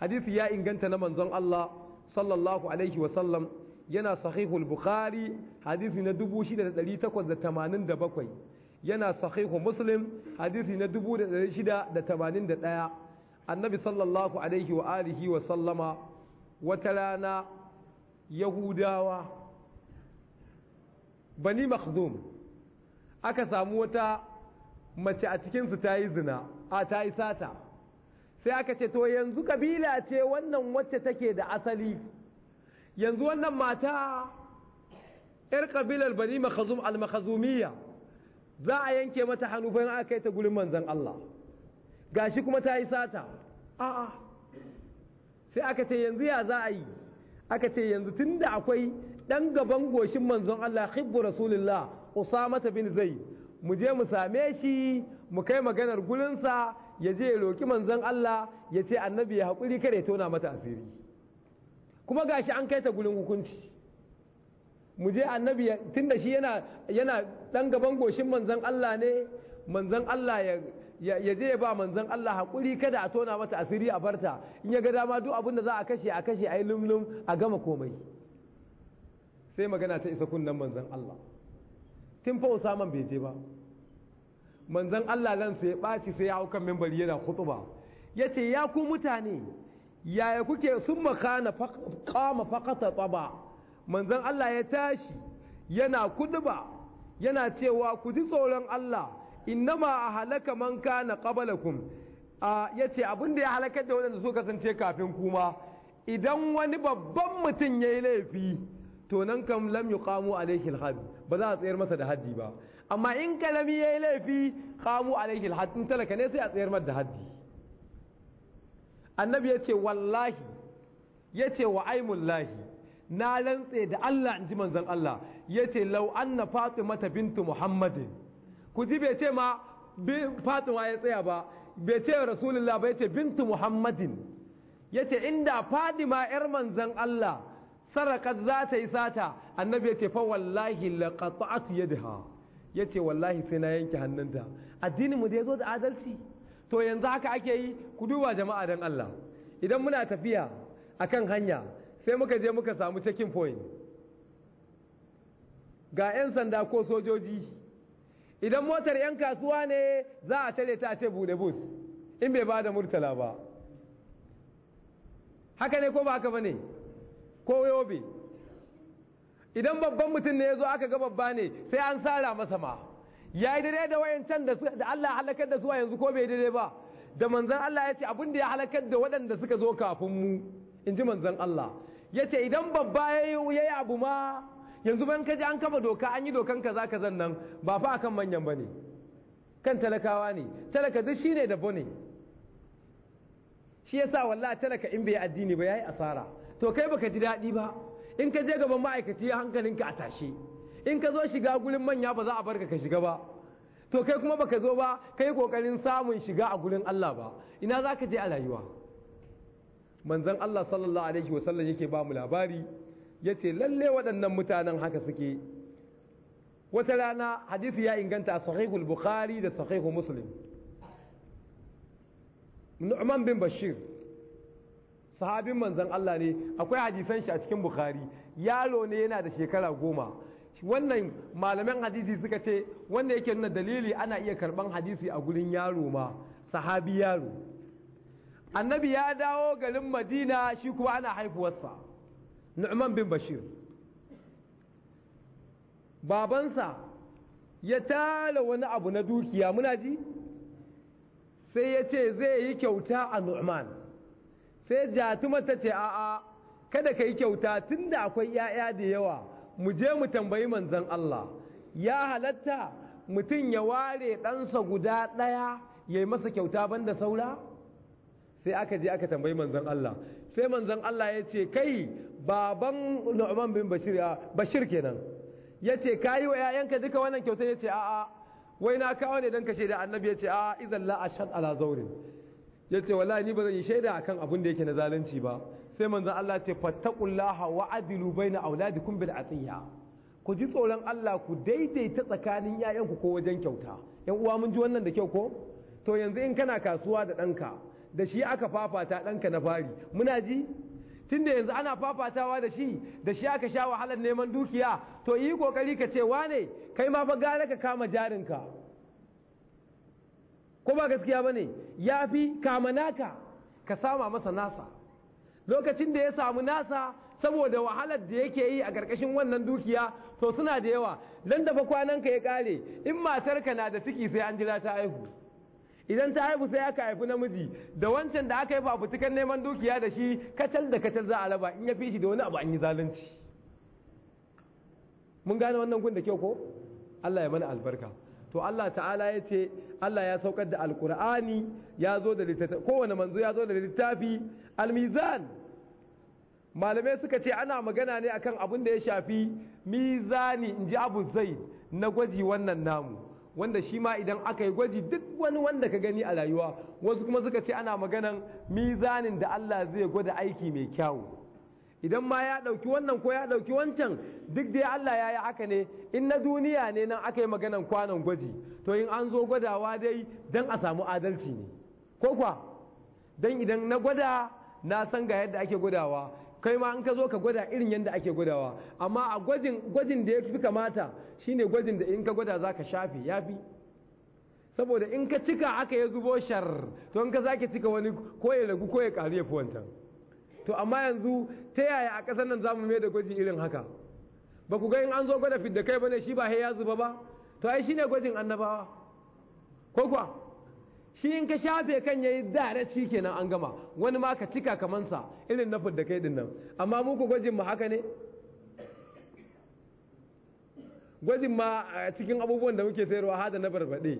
hadisi ya inganta na manzon Allah sallallahu alaihi wasallam yana sahihul bukhari hadisi na 6887 yana sahihu muslim hadisi na 6681 annabi sallallahu alaihi wa alihi wa sallama wata rana yahudawa bani makhdum aka samu wata mace a cikinsu ta yi zina a ta yi sata sai aka ce to yanzu kabila ce wannan wacce take da asali yanzu wannan mata 'yar kabilar bani al-makhazumiyya za a yanke mata hannu bayan aka yi ta gurin manzan Allah gashi kuma ta yi sata a'a sai aka ce yanzu ya za a yi aka ce yanzu tunda akwai ɗan gaban goshin manzon Allah hibbu rasulullah usamata bin zaid mu je mu same shi mu kai maganar gurinsa ya je ya manzon Allah ya ce annabi ya haƙuri kare tona mata asiri kuma gashi an kai ta gulin hukunci mu je annabi da shi yana yana ɗan gaban goshin manzon Allah ne manzon Allah ya ya je ba manzon Allah haƙuri kada a tona mata asiri a barta in ya ga dama duk abin da za a kashe a kashe a yi lumlum a gama komai sai magana ta isa kunnen manzon Allah tun fa usaman bai je ba manzon Allah sai ya ɓaci sai ya hau kan membari yana kutu ba, ya ce ya ku mutane yaya kuke sun makana kama fakata tsaba manzon Allah ya tashi yana kudu ba, yana cewa ku ji tsoron Allah innama a halaka man kana kun, ya ce abinda ya halakar da waɗanda suka kasance kafin kuma idan wani babban mutum ya yi laifi to nan kam lam yuqamu alaihi alhabi ba za a tsayar masa da haddi ba amma in kalami ya yi laifi kamu alaihi alhaddin talaka ne sai a tsayar masa da haddi annabi ya ce wallahi ya ce wa aimullahi na lantse da Allah in ji manzon Allah ya ce lau anna mata bintu muhammadin ku ji bai ce ma fatima ya tsaya ba bai ce rasulullah ba ya ce bintu muhammadin ya ce inda fadima yar manzan Allah sarakat za ta yi sata annabi ya ce fa wallahi yadaha ya yace wallahi sai na yanke hannunta addinin mu da yazo da adalci to yanzu haka ake yi ku duba jama'a dan Allah idan muna tafiya akan hanya sai muka je muka samu checking point ga 'yan sanda ko sojoji idan motar 'yan kasuwa ne za a tare ta ce bude bus in bai ba da murtala ba haka ne ko ba haka ba ne ko yobe idan babban mutum ne ya zo aka ga babba ne sai an sara masa ma ya yi daidai da wayancan da Allah halakar da su a yanzu ko bai daidai ba da manzan Allah ya ce abin da ya halakar da waɗanda suka zo kafin mu in ji manzan Allah ya ce idan babba ya yi abu ma yanzu ban kaji an kama doka an yi dokan kaza kazan nan ba fa akan manyan ba ne kan talakawa ne talaka duk shine da bane shi yasa wallahi talaka in bai addini ba yayi asara to kai baka ji daɗi ba in ka je gaban ma'aikaci hankalinka a tashe in ka zo shiga gurin manya ba za a barka ka shiga ba to kai kuma baka zo ba kai kokarin samun shiga a gurin Allah ba ina za ka je a rayuwa manzon Allah sallallahu alaihi sallam yake ba mu labari yace lalle waɗannan mutanen haka suke wata rana hadisi ya inganta sahihul bukhari da sahihul muslim nu'man bin bashir sahabin manzan Allah ne akwai hadisan shi a cikin bukhari yaro ne yana da shekara goma wannan malaman hadisi suka ce wanda yake nuna dalili ana iya karban hadisi a gurin yaro ma sahabi yaro annabi ya dawo garin madina shi kuma ana haifuwarsa nu'man bin bashir babansa ya tara wani abu na dukiya muna ji sai ya ce zai yi kyauta a nu'man sai jatuma ta ce a'a kada ka yi kyauta tunda akwai 'ya'ya da yawa mu je mu tambayi manzan Allah ya halatta mutum ya ware ɗansa guda ɗaya ya yi masa kyauta banda saura sai aka je aka tambayi manzan Allah sai manzan Allah ya ce kai baban Nu'man bin Bashir Bashir kenan ya ce ka yi wa 'ya'yanka duka wannan kyauta ya ce a'a wai na kawo ne don kashe da annabi ya ce a'a idan la ashad ala zaurin ya ce wallahi ni ba zan yi shaida akan abin da yake na zalunci ba sai manzon Allah ce fattaqullaha wa adilu baina auladikum bil atiya ku ji tsoron Allah ku daidaita tsakanin yayanku ko wajen kyauta yan uwa mun ji wannan da kyau ko to yanzu in kana kasuwa da ɗanka da shi aka fafata ɗanka na fari muna ji tunda yanzu ana fafatawa da shi da shi aka sha wahalar neman dukiya to yi kokari ka ce wane kai ma fa gare ka kama jarinka ko ba gaskiya ba ne ya fi kama naka ka sama masa nasa lokacin da ya samu nasa saboda wahalar da yake yi a ƙarƙashin wannan dukiya to suna da yawa don da kwanan ka ya ƙare in matarka na da ciki sai an jira ta haihu idan ta haihu sai aka haifi namiji da wancan da aka yi fitikan neman dukiya da shi kacal da kacal za a raba in ya fi shi da wani abu an yi zalunci mun gane wannan gun da kyau ko Allah ya mana albarka to Allah ta'ala ya ce Allah ya saukar da alkur'ani ya zo da littafi kowane manzo ya zo da littafi almizan malamai suka ce ana magana ne akan abin da ya shafi mizani in ji abu zai na gwaji wannan namu wanda shi ma idan aka yi gwaji duk wani wanda ka gani a rayuwa wasu kuma suka ce ana maganan mizanin da Allah zai gwada aiki mai kyau. idan ma ya ɗauki wannan ko ya ɗauki wancan duk dai Allah ya yi haka ne in na duniya ne nan aka yi maganan kwanan gwaji to in an zo gwadawa dai don a samu adalci ne ko kwa don idan na gwada na san ga yadda ake gwadawa kai ma in ka zo ka gwada irin yadda ake gwadawa amma a gwajin gwajin da ya fi kamata shine gwajin da in ka gwada za ka shafe ya fi saboda in ka cika aka ya zubo shar to in ka zaki cika wani ko ya ragu ko ya ƙaru ya fi wancan to amma yanzu ta yaya a ƙasar nan zamu mai da gwaji irin haka ba ku ga in an zo gwada fidda kai bane shi ba he ya zuba ba to ai shine gwajin annabawa ko kuwa shi in ka shafe kan yayi dare shi kenan an gama wani ma ka cika kaman sa irin na fidda kai din nan amma mu ku gwajin mu haka ne gwajin ma a cikin abubuwan da muke sayarwa hada na barbaɗe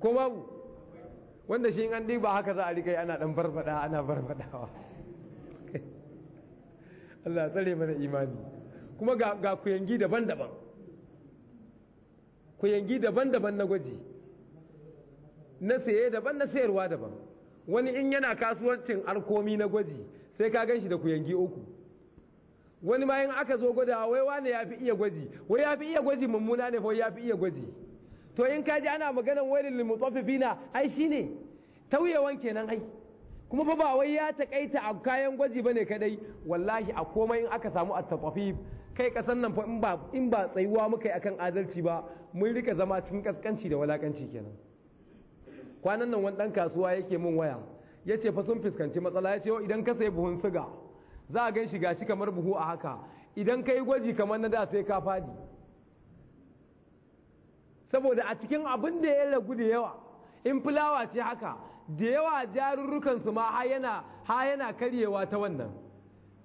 ko babu wanda shi an ɗiba haka za a rikai ana ɗan barbaɗa ana barbaɗawa Allah tsare mana imani kuma ga kuyangi daban-daban kuyangi daban-daban na gwaji na saye daban na sayarwa daban wani in yana kasuwancin alkomi na gwaji sai ka gan shi da kuyangi uku wani ma yin aka zo gwada wai wane ya fi iya gwaji wai ya fi iya gwaji mummuna ne fa ya fi iya gwaji to in kaji ana maganan wailin lil mutaffifina ai shine tauyewan kenan ai kuma fa ba wai ya takaita a kayan gwaji bane kadai wallahi a komai in aka samu at kai kasan nan fa in ba in ba tsayuwa muka yi akan adalci ba mun rika zama cikin kaskanci da walakanci kenan kwanan nan wani dan kasuwa yake min waya yace fa sun fuskanci matsala yace idan ka sayi buhun siga za a gan shi gashi kamar buhu a haka idan kai gwaji kamar na da sai ka fadi saboda a cikin abin da ya lagu da yawa in fulawa ce haka da yawa jarurrukansu ma ha yana karyewa ta wannan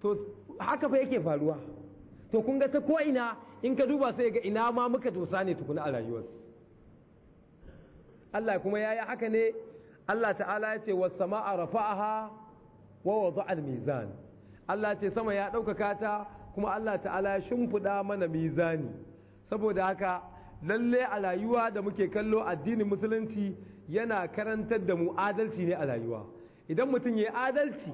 to haka fa yake faruwa to kun ga ta ina, in ka duba sai ga ina ma muka dosa ne tukuna a rayuwarsu Allah kuma ya yi haka ne Allah ta'ala ya ce wasu sama'a rafa'aha wa wazo al-mizan Allah ce sama ya ɗaukaka ta kuma Allah ta'ala ya shimfiɗa mana mizani saboda haka lalle a rayuwa da muke kallo addinin musulunci yana karantar da mu adalci ne a rayuwa idan mutum ya adalci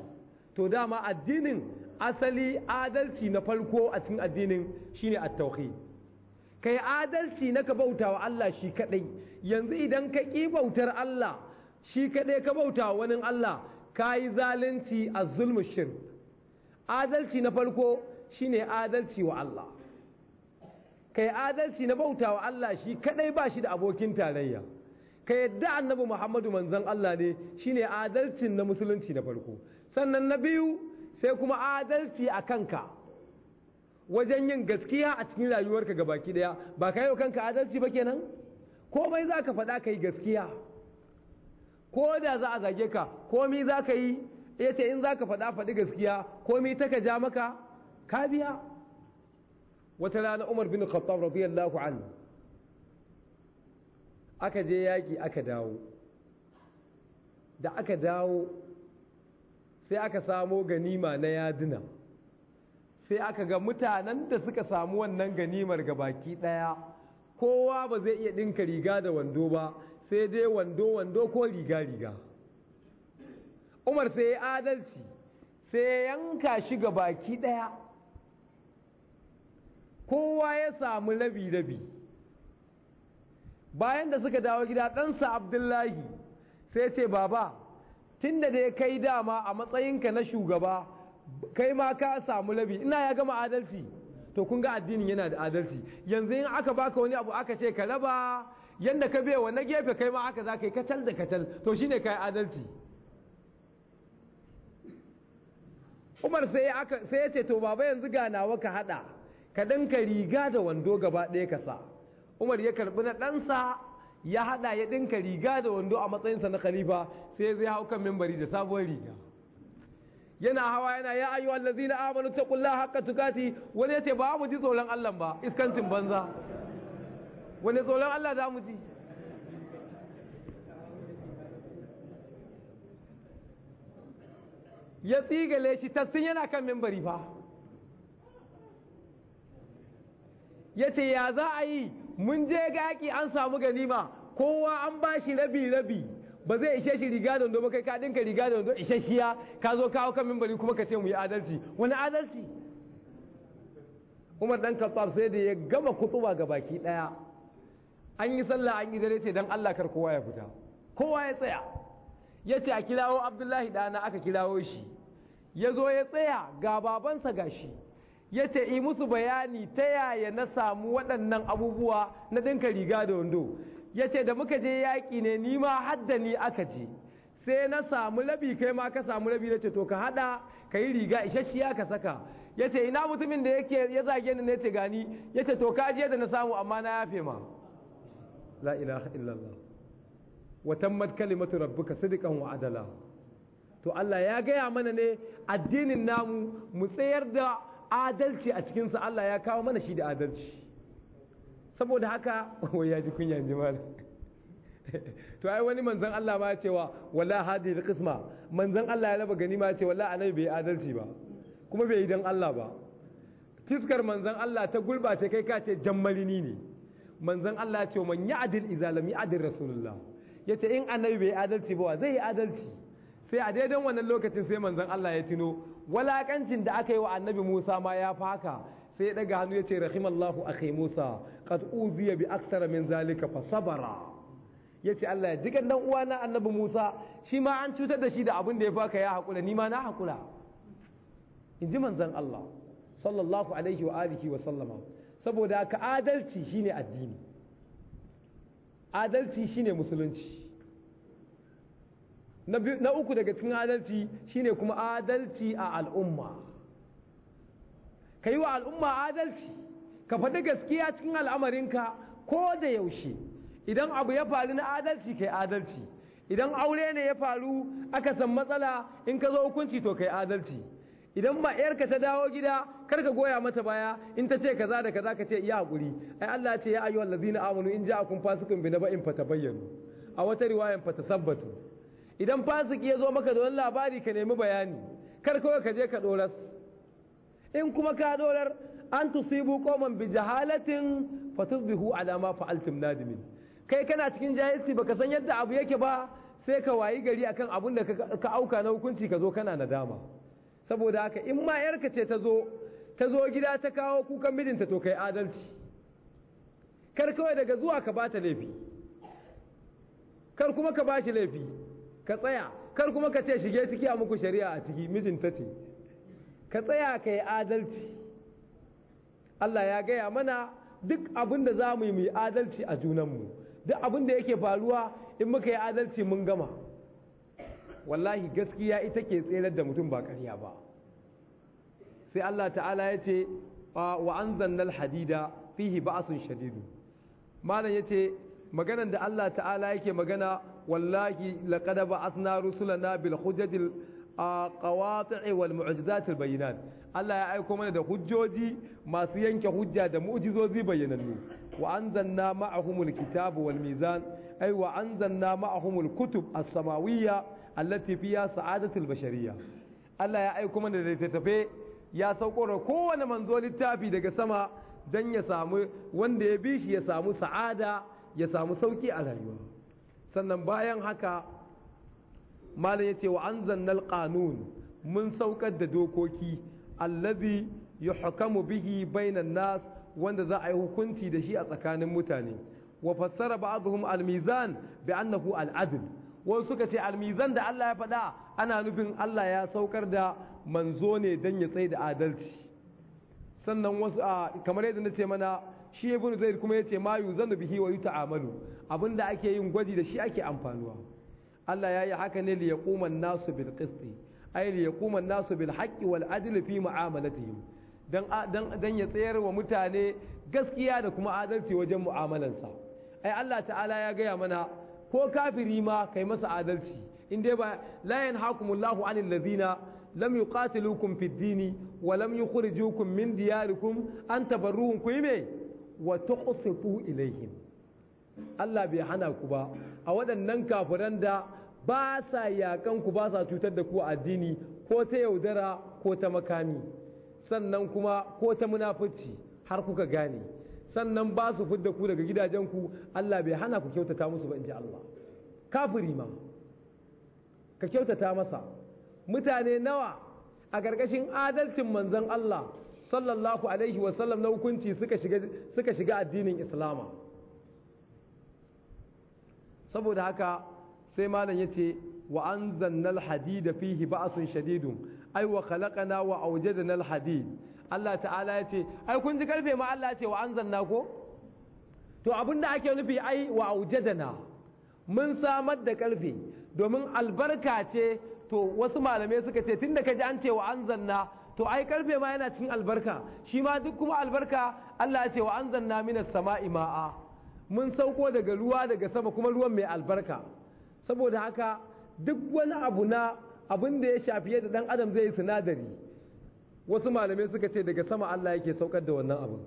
to dama addinin asali adalci na farko a cikin addinin shine at-tauhid kai adalci na ka bautawa Allah shi kadai yanzu idan ka ki bautar Allah shi kadai ka bautawa wani Allah kayi zalunci az-zulmu shirk adalci na farko shine adalci wa Allah kai adalci na bauta wa Allah shi kadai ba shi da abokin tarayya Kai yadda annabi Muhammadu manzon Allah ne shine adalcin na musulunci na farko sannan na biyu sai kuma adalci a kanka wajen yin gaskiya a cikin rayuwarka ga baki daya ba ka yau kanka adalci ba kenan komai za ka faɗa ka yi gaskiya ko da za a zage ka komai za ka yi ya in za ka faɗa faɗi gaskiya komai ta ka ja maka ka biya wata rana umar bin khattab radiyallahu anhu aka je yaƙi aka dawo da aka dawo sai aka samo ganima na yaduna sai aka ga mutanen da suka samu wannan ganimar ga baki ɗaya kowa ba zai iya ɗinka riga da wando ba sai dai wando-wando ko riga-riga umar sai ya adalci sai yanka shi ga baki ɗaya kowa ya samu rabi-rabi bayan da suka dawo gida ɗansa abdullahi sai ce baba tun da dai kai dama a matsayinka na shugaba kai ma ka samu rabi ina ya gama adalci to kun ga addinin yana da adalci yanzu in aka baka wani abu aka ce ka raba yadda ka bewa na gefe kai ma aka za ka yi katal da katal to shine kai adalci umar sai ya ce to baba yanzu ga nawa ka haɗa? ka ɗanka riga da wando gaba ɗaya ka sa umar ya karɓi na ɗansa ya haɗa ya ɗinka riga da wando a matsayinsa na khalifa sai zai hau kan mimbari da sabuwar riga yana hawa yana ya ayyu allazi na amanu ta kulla haka tukati wani ya ce ba mu ji tsoron allah ba iskancin banza wani tsoron allah za mu ji ya tsigale shi tassin yana kan mimbari fa ya ce ya za a yi mun je gaki an samu ganima kowa an ba shi rabi-rabi ba zai ishe shi riga da ba kai ka dinka riga da wando ishe shiya ka zo kawo kan mimbari kuma ka ce mu yi adalci wani adalci umar dan kattab sai da ya gama kutuba ga baki daya an yi sallah an yi dare ce dan Allah kar kowa ya fita kowa ya tsaya ya ce a kirawo abdullahi dana aka kirawo shi ya zo ya tsaya ga babansa gashi ya ce yi musu bayani ta yaya na samu waɗannan abubuwa na ɗinka riga da wando ya ce da muka je yaƙi ne ni ma hadda ni aka je sai na samu labi kai ma ka samu labi na ce to ka haɗa ka yi riga isasshiya ka saka ya ce ina mutumin da yake ya zage ni na ce gani ya ce to ka da na samu amma na yafe ma la ilaha illallah wa tammat kalimatu rabbuka sidqan wa adala to Allah ya gaya mana ne addinin namu mu tsayar da adalci a cikinsa Allah ya kawo mana shi da adalci saboda haka wai ya ji kunya ji mana to ai wani manzon Allah ma cewa wala hadi da qisma manzon Allah ya raba gani ma ce wala annabi bai adalci ba kuma bai yi dan Allah ba fiskar manzon Allah ta gulbace kai ka ce jammalini ne manzon Allah ya ce man ya'dil idza lam ya'dil rasulullah yace in annabi bai adalci ba zai yi adalci sai a daidan wannan lokacin sai manzon Allah ya tino walakancin da aka yi wa annabi Musa ma ya haka sai ya daga hannu ya ce rahimallahu akhi Musa qad uziya bi aksara min zalika fa sabara yace Allah ya jikan dan na annabi Musa shi ma an cutar da shi da abin da ya faka ya hakura ni ma na hakura inji manzon Allah sallallahu alaihi wa alihi wa sallama saboda ka adalci shine addini adalci shine musulunci na uku daga cikin adalci shine kuma adalci a al'umma ka yi wa al'umma adalci ka faɗi gaskiya cikin al'amarinka ko da yaushe idan abu ya faru na adalci kai adalci idan aure ne ya faru aka san matsala in ka zo hukunci to kai adalci idan ba yarka ta dawo gida kar ka goya mata baya in ta ce kaza da kaza ka ce iya hakuri ai Allah ce ya ayyuhal ladina amanu in ja'akum fasiqun bi naba'in fatabayyanu a wata riwayan fatasabbatu idan fasiki ya zo maka da wani labari ka nemi bayani kar kawai ka je ka dorar in kuma ka dorar an tusibu qauman bi jahalatin fatusbihu ala ma fa'altum nadimin kai kana cikin jahilci baka san yadda abu yake ba sai ka wayi gari akan abun da ka auka na hukunci ka zo kana nadama saboda haka in ma yarka ce ta zo ta zo gida ta kawo kukan mijinta to kai adalci kar kawai daga zuwa ka bata laifi kar kuma ka bashi laifi ka tsaya kar kuma ka ce shige ciki a muku shari'a a ciki mijinta ce ka tsaya ka yi adalci Allah ya gaya mana duk abin da za mu yi mu adalci a junanmu duk abin da yake faruwa in muka yi adalci mun gama wallahi gaskiya ita ke tserar da mutum ba karya ba sai Allah ta'ala ya ce wa an zannal hadida fihi ba'asun shadidu malam ya ce maganan da Allah ta'ala yake magana wallahi laqad ba'athna rusulana bil hujjatil qawati' wal mu'jizatil bayyinat Allah ya aiko mana da hujjoji masu yanke hujja da mu'jizozi bayyanannu wa anzalna ma'ahumul kitaba wal mizan ay wa anzalna ma'ahumul kutub as-samawiyya allati fiha sa'adatul bashariyya Allah ya aiko mana da littattafai ya sauko kowane manzo littafi daga sama dan ya samu wanda ya bi shi ya samu sa'ada ya samu sauki a rayuwa sannan bayan haka malam ya ce wa an zannal qanun mun saukar da dokoki allazi yuhkamu bihi bainan nas wanda za a yi hukunci da shi a tsakanin mutane wa fassara ba'dhum al bi annahu al wasu suka ce almizan da Allah ya faɗa ana nufin Allah ya saukar da manzo ne don ya tsaye da adalci sannan wasu kamar yadda na ce mana shi ibnu zaid kuma yace ma yuzanu bihi wa yuta'amalu abinda ake yin gwaji da shi ake amfanuwa Allah ya yi haka ne li nasu bil qisti ay nasu bil haqqi wal adli fi mu'amalatihim dan dan dan ya tsayar wa mutane gaskiya da kuma adalci wajen mu'amalansa ai Allah ta'ala ya gaya mana ko kafiri ma kai masa adalci in dai ba la yanhakumullahu anil ladina lam yuqatilukum fid dini wa lam yukhrijukum min diyarikum an tabarruhum ku yi me wa tuqsitu ilaihim Allah bai hana ku ba a waɗannan kafiran da ba sa yakan ku ba sa cutar da ku a addini ko ta yaudara ko ta makami sannan kuma ko ta munafici har kuka gane sannan ba su fidda ku daga gidajen ku Allah bai hana ku kyautata musu ba in ji Allah kafiri ma ka kyautata masa mutane nawa a ƙarƙashin adalcin manzon Allah sallallahu alaihi wasallam na hukunci suka shiga addinin islama saboda haka sai malam ya ce wa an zannal hadida fihi ba'asun shadidun ai wa khalaqana wa awjadna alhadid Allah ta'ala ya ce ai kun ji karfe ma Allah ya ce wa an zanna ko to abinda ake nufi ai wa awjadna mun samar da karfe domin albarka ce to wasu malamai suka ce tunda kaji an ce wa an zanna to ai karfe ma yana cikin albarka shi ma duk kuma albarka Allah ya ce wa anzalna minas sama'i ma'a mun sauko daga ruwa daga sama kuma ruwan mai albarka saboda haka duk wani abu na abin da ya shafi yadda dan adam zai yi sinadari wasu malamai suka ce daga sama Allah yake saukar da wannan abin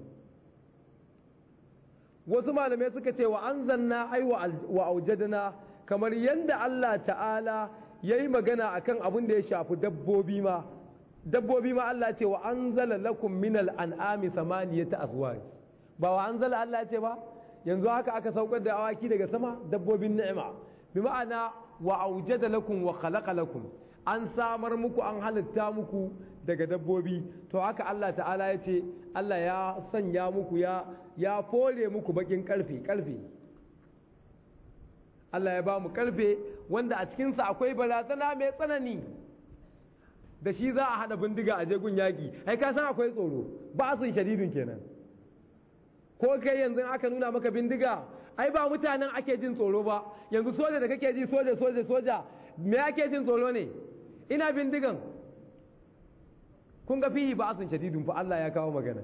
wasu malamai suka ce wa na ai wa aujadna kamar yanda Allah ta'ala yayi magana akan abin da ya shafi dabbobi ma dabbobi ma Allah ce wa anzala lakum minal an'ami samaniyata azwaj ba wa anzala Allah ce ba yanzu haka aka saukar da awaki daga sama dabbobin ni'ima bi ma'ana wa aujada lakum wa khalaqa lakum an samar muku an halitta muku daga dabbobi to haka Allah ta'ala ya ce Allah ya sanya muku ya ya fore muku bakin karfe karfe Allah ya ba mu karfe wanda a cikinsa akwai barazana mai tsanani da shi za a haɗa bindiga a jegun yaƙi ai ka san akwai tsoro ba sun shadidin kenan ko kai yanzu aka nuna maka bindiga ai ba mutanen ake jin tsoro ba yanzu soja da kake ji soja soja soja me ake jin tsoro ne ina bindigan kun ga fihi ba sun shadidin fa Allah ya kawo magana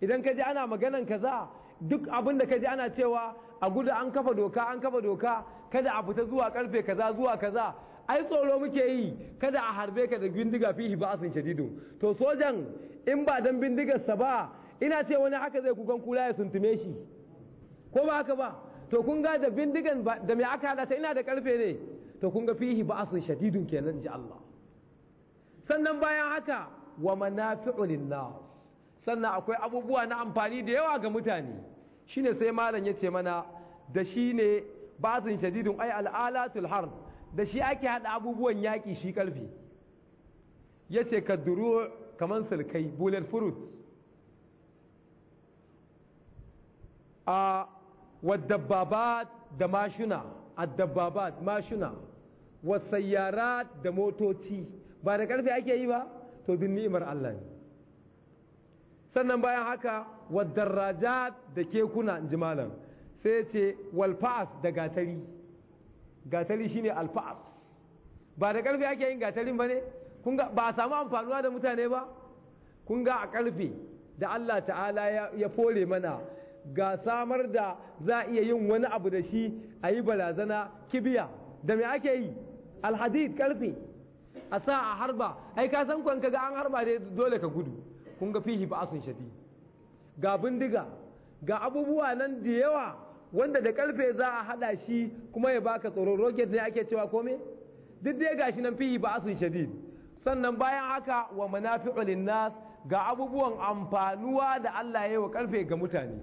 idan ka ji ana maganan kaza duk abin da ka ji ana cewa a gudu an kafa doka an kafa doka kada a fita zuwa karfe kaza zuwa kaza ai tsoro muke yi kada a harbe ka da bindiga fihi asin shadidun to sojan in ba dan bindigarsa ba ina ce wani haka zai kukan kula ya suntume shi ko ba haka ba to kun ga da bindigan da mai aka hada ta ina da karfe ne to kun ga fihi ba'asun shadidun kenan ji Allah sannan bayan haka wa manafi'u linnas sannan akwai abubuwa na amfani da yawa ga mutane shine sai malam ya ce mana da shine ba'asun shadidun ai al'alatul harb da shi ake haɗa abubuwan yaƙi shi ƙarfi ya ce ka duru kamar sulkai bulet furut. a wadabbabat da mashina addabbabat mashina wasayyara da motoci ba da ƙarfi ake yi ba to din ni'imar Allah ne sannan bayan haka rajat da kekuna jimalan sai ce walfa'as da gatari gatari shine alfa'as ba da karfi ake yin gatarin ba ne ba a samu amfanuwa da mutane ba Kunga a karfe da Allah ta'ala ya fore mana ga samar da za a iya yin wani abu da shi a yi barazana kibiya da me ake yi alhadid karfe a sa a harba ai ka san kwan ga an harba dai dole ka gudu kun ga fihi ba asun shadi ga bindiga ga abubuwa nan da yawa wanda da karfe za a haɗa shi kuma ya baka tsoron rocket ne ake cewa kome duk dai gashi nan fihi ba asun shadid sannan bayan haka wa manafi'ul linnas ga abubuwan amfanuwa da Allah ya yi wa karfe ga mutane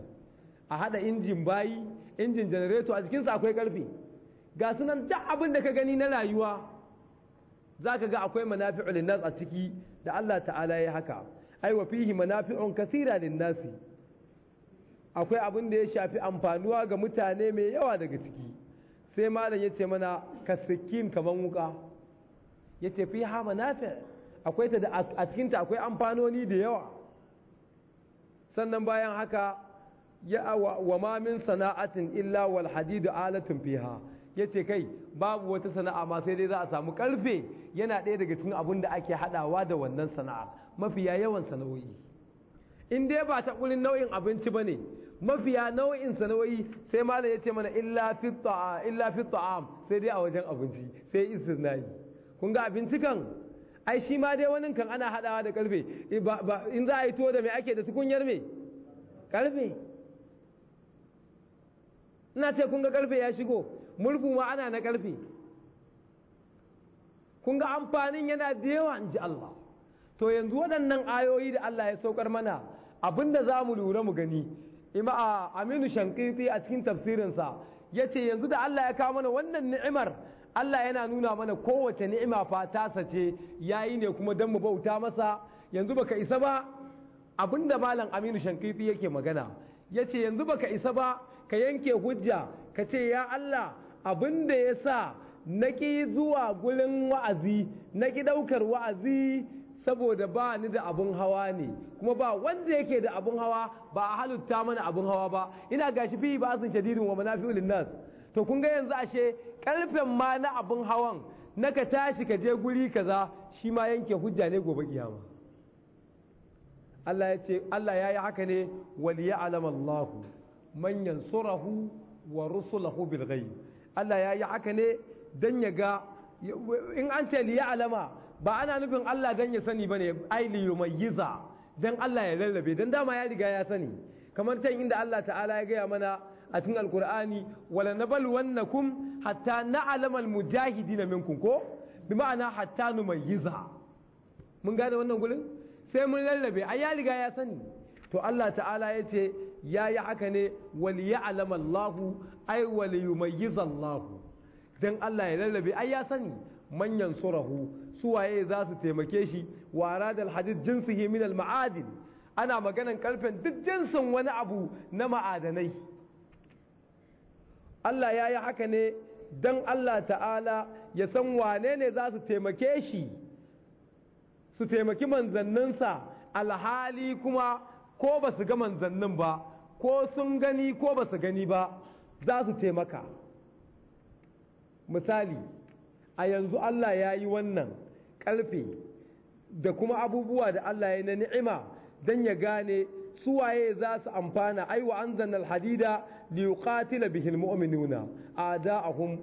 a hada injin bayi injin generator a sa akwai karfe ga sunan duk abin da ka gani na rayuwa zaka ga akwai manafi'u linnas a ciki da Allah ta'ala ya haka ai wa fihi manafi'un lin linnasi akwai abin da ya shafi amfanuwa ga mutane mai yawa daga ciki sai malam ya ce mana ka sikin wuka ya ce fi hama nafi akwai ta da a cikinta akwai amfanoni da yawa sannan bayan haka ya wa mamin sana'atin illa wal hadidu alatun fiha ya ce kai babu wata sana'a ma sai dai za a samu karfe yana ɗaya daga cikin abin da ake haɗawa da wannan sana'a mafiya yawan sana'o'i in dai ba ta ƙurin nau'in abinci ba ne mafiya nau'in sanawoyi sai malam ya ce mana illa fi illa fi ta'am sai dai a wajen abinci sai yi, kun ga abinci kan ai shi ma dai wani kan ana hadawa da karfe in za a yi tuwo da me ake da tukunyar me karfe ina ce kun ga karfe ya shigo murhu ma ana na karfe kun ga amfanin yana da yawa in ji Allah to yanzu waɗannan ayoyi da Allah ya saukar mana abinda za mu lura mu gani ima aminu shankiti a cikin tafsirinsa ya ce yanzu da Allah ya kawo mana wannan ni'imar Allah yana nuna mana kowace ni'ima fa sace ce yayi ne kuma don mu bauta masa yanzu baka isa ba abinda malam aminu shankiti yake magana ya ce yanzu baka isa ba ka yanke hujja ka ce ya Allah abinda ya sa na zuwa gulin wa'azi na ki ɗaukar wa'azi saboda ba ni da abun hawa ne kuma ba wanda yake da abun hawa ba a halitta mana abun hawa ba ina gashi fi ba sun shadidin wa manafi'u nas to kun ga yanzu ashe karfen ma na abun hawan na ka tashi ka je guri kaza shi ma yanke hujja ne gobe kiyama Allah ya ce Allah ya yi haka ne ya'lam Allah man yansurahu wa rusulahu bil ghaib Allah ya yi haka ne dan ya ga in an ce liya'lama ba ana nufin Allah dan ya sani ba ne ai mai yiza don Allah ya lallabe don dama ya riga ya sani kamar can inda Allah ta'ala ya gaya mana a cikin alkur'ani wala na bal kun, hatta na mujahidi na minkum ko bi ma'ana hatta nu mai yiza. mun gane wannan gurin sai mun lallabe ai ya riga ya sani to Allah ta'ala ya ce ya yi haka ne wali ya alamallahu ai wali yumayyiza Allah don Allah ya lallabe ai ya sani manyan surahu su waye za su taimake shi wa radal hadith jinsihi min al ma'adin ana maganan karfen duk jinsin wani abu na ma'adanai Allah ya yi haka ne don Allah ta'ala ya san wane ne za su taimake shi su taimaki manzanninsa alhali kuma ko ba su ga manzannin ba ko sun gani ko ba su gani ba za su taimaka misali a yanzu Allah ya yi wannan Ƙarfe da kuma abubuwa da Allah ya na ni'ima don ya gane suwaye za su amfana ai wa anzalna hadida li yuqatila bihi almu'minuna a'da'ahum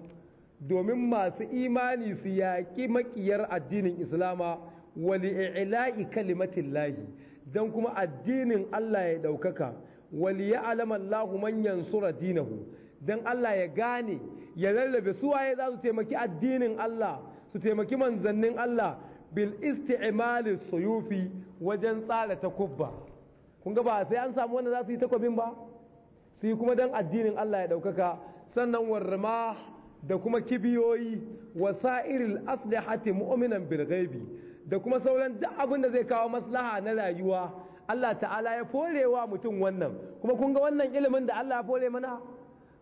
domin masu imani su yaƙi maƙiyar addinin islama wali ila'i kalimatin lahi don kuma addinin Allah ya ɗaukaka wani ya lahu manyan sura dinahu don Allah ya gane ya lallabe suwaye za su taimaki addinin Allah su taimaki manzannin Allah bil isti'mali suyufi wajen tsara takubba kun ga ba sai an samu wanda za su yi takobin ba su yi kuma dan addinin Allah ya ɗaukaka? sannan warma da kuma kibiyoyi wasairil aslihati mu'minan bil ghaibi da kuma sauran duk abin da zai kawo maslaha na rayuwa Allah ta'ala ya forewa mutum wannan kuma kun ga wannan ilimin da Allah ya fore mana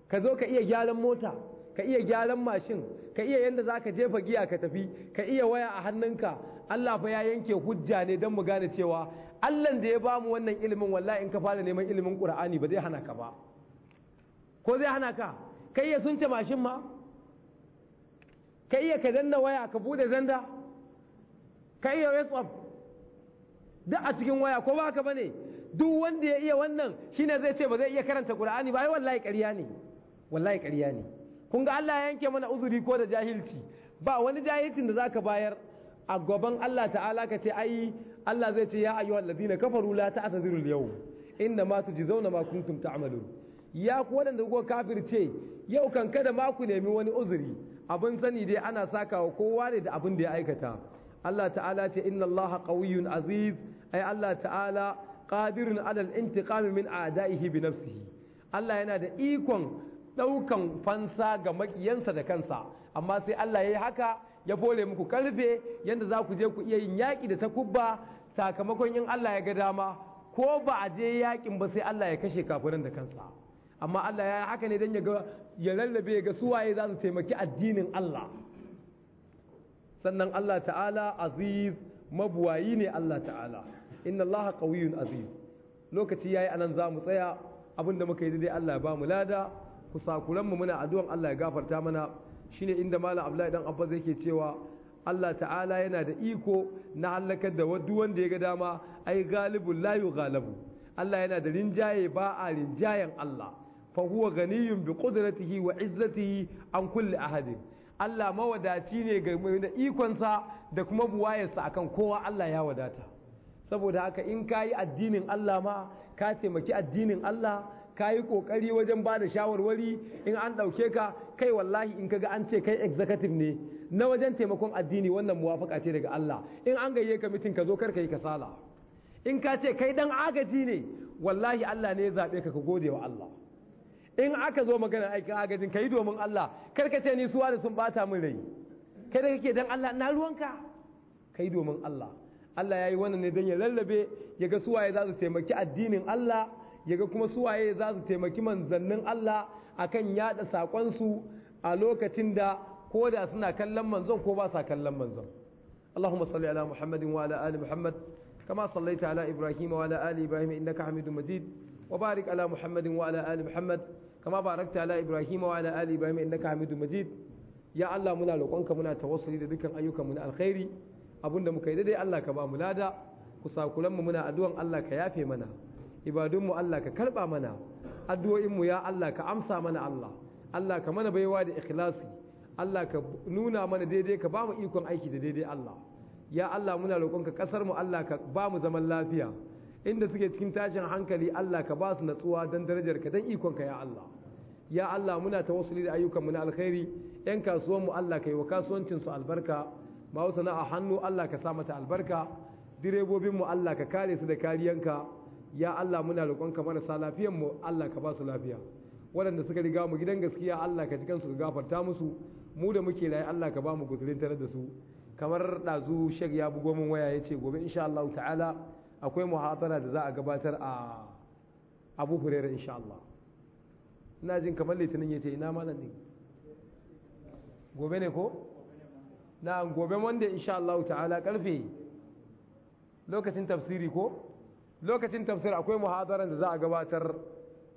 ka zo ka iya gyaran mota ka iya gyaran mashin ka iya yadda za ka jefa giya ka tafi ka iya waya a hannunka Allah fa ya yanke hujja ne don mu gane cewa Allah da ya ba mu wannan ilimin wallahi in ka fara neman ilimin Qur'ani ba zai hana ka ba ko zai hana ka kai ya sunce mashin ma ka iya ka danna waya ka bude zanda ka iya whatsapp duk a cikin waya ko ba ka bane duk wanda ya iya wannan shine zai ce ba zai iya karanta Qur'ani ba ai wallahi ƙarya ne wallahi ƙarya ne kun ga Allah ya yanke mana uzuri ko da jahilci ba wani jahilcin da zaka bayar a gaban Allah ta'ala ka ce ai Allah zai ce ya ayyuhal ladina kafaru la ta'tadiru al-yawm inna ma tujzauna ma kuntum ta'malun ya ku wadanda kuka kafirce yau kan kada ma ku nemi wani uzuri abin sani dai ana sakawa kowa ne da abin da ya aikata Allah ta'ala ce inna Allah qawiyyun aziz ai Allah ta'ala qadirun ala al-intiqam min a'da'ihi bi nafsihi Allah yana da ikon ɗaukan fansa ga makiyansa da kansa amma sai Allah ya yi haka ya fole muku karfe yadda za ku je ku iya yin yaƙi da takubba sakamakon in Allah ya ga dama ko ba a je yaƙin ba sai Allah ya kashe kafirin da kansa amma Allah ya yi haka ne don ya lallabe ga suwaye za su taimaki addinin Allah sannan Allah ta'ala aziz mabuwayi ne Allah ta'ala inna Allah qawiyyun aziz lokaci ya yayi anan za mu tsaya abinda muka yi zai Allah ya ba mu lada kusakuranmu muna addu'an Allah ya gafarta mana shine inda malam Abdullahi dan Abbas yake cewa Allah ta'ala yana da iko na halakar da wadu wanda ya ga dama ai galibul la yughalabu Allah yana da rinjaye ba a rinjayen Allah fa huwa ganiyun bi qudratihi wa izzatihi an kulli ahadin Allah mawadaci ne ga da ikonsa da kuma buwayarsa akan kowa Allah ya wadata saboda haka in kayi addinin Allah ma ka taimaki addinin Allah ka yi ƙoƙari wajen ba da shawarwari in an ɗauke ka kai wallahi in kaga an ce kai executive ne na wajen taimakon addini wannan muwafaka ce daga Allah in an gayye ka mitin ka zo kar ka yi kasala in ka ce kai dan agaji ne wallahi Allah ne ya zaɓe ka ka gode wa Allah in aka zo magana aikin agajin ka yi domin Allah kar ka ce ni suwa da sun bata min rai kai da kake dan Allah na ruwanka ka yi domin Allah Allah ya yi wannan ne don ya lallabe ya ga suwaye za su taimaki addinin Allah yaga kuma suwaye za su taimaki manzannin Allah akan yada saƙonsu a lokacin da ko da suna kallon manzon ko ba sa kallon manzon Allahumma salli ala Muhammadin wa ala ali Muhammad kama sallaita ala Ibrahim wa ala ali Ibrahim innaka Hamidum Majid wa barik ala Muhammadin wa ala ali Muhammad kama barakta ala Ibrahim wa ala ali Ibrahim innaka Hamidum Majid ya Allah muna roƙonka muna tawassuli da dukkan ayyukanmu na alkhairi abinda muka yi dai Allah ka ba mu lada kusakulanmu muna addu'an Allah ka yafe mana ibadunmu Allah ka karɓa mana addu'o'inmu ya Allah ka amsa mana Allah Allah ka mana baiwa da ikhlasi Allah ka nuna mana daidai ka ba mu ikon aiki da daidai Allah ya Allah muna roƙonka ƙasar mu Allah ka ba mu zaman lafiya inda suke cikin tashin hankali Allah ka ba su natsuwa don darajar ka don ikon ka ya Allah ya Allah muna tawassuli da ayyukan mu na alkhairi yan kasuwan mu Allah ka yi wa kasuwancin su albarka ma a hannu Allah ka sa mata albarka direbobin mu Allah ka kare su da kariyanka ya Allah muna roƙonka sa lafiyar mu Allah ka ba su lafiya waɗanda suka riga mu gidan gaskiya Allah ka cikan su ka gafarta musu mu da muke rayi Allah ka ba mu guzurin tare da su kamar ɗazu shek ya bugo min waya yace ce gobe insha Allah ta'ala akwai muhadara da za a gabatar a Abu Hurairah insha Allah ina jin kamar litinin ya ce ina malam din gobe ne ko na gobe wanda insha Allah ta'ala karfe lokacin tafsiri ko lokacin tafsir akwai muhadaran da za a gabatar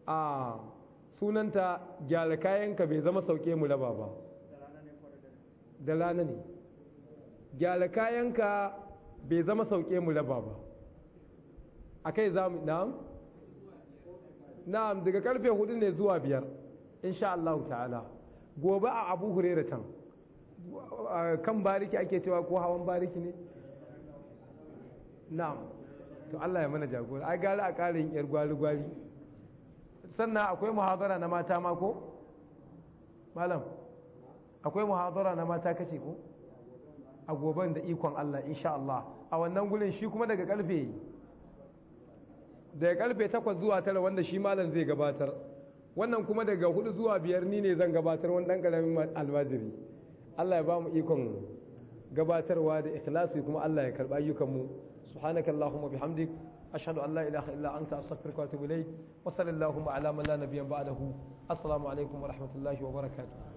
a sunanta gyara kayanka bai zama sauke mu laba ba da lana ne gyara kayanka bai zama sauke mu laba ba a kai za mu na'am na'am daga karfe hudu ne zuwa biyar insha Allah ta'ala gobe a abu hurera can kan bariki ake cewa ko hawan bariki ne na'am to Allah ya mana jagora ai gari a karin yar ƴar gwari-gwari sannan akwai muhadara na mata ma ko malam akwai muhadara na mata kace ko a goban da ikon Allah insha Allah a wannan gurin shi kuma daga karfe daga karfe 8 zuwa 9 wanda shi malam zai gabatar wannan kuma daga 4 zuwa 5 ni ne zan gabatar wani dan karamin almajiri Allah ya ba mu ikon gabatarwa da ikhlasi kuma Allah ya karba ayyukan mu سبحانك اللهم وبحمدك أشهد أن لا إله إلا أنت أستغفرك وأتوب إليك وصلى اللهم على من لا نبي بعده السلام عليكم ورحمة الله وبركاته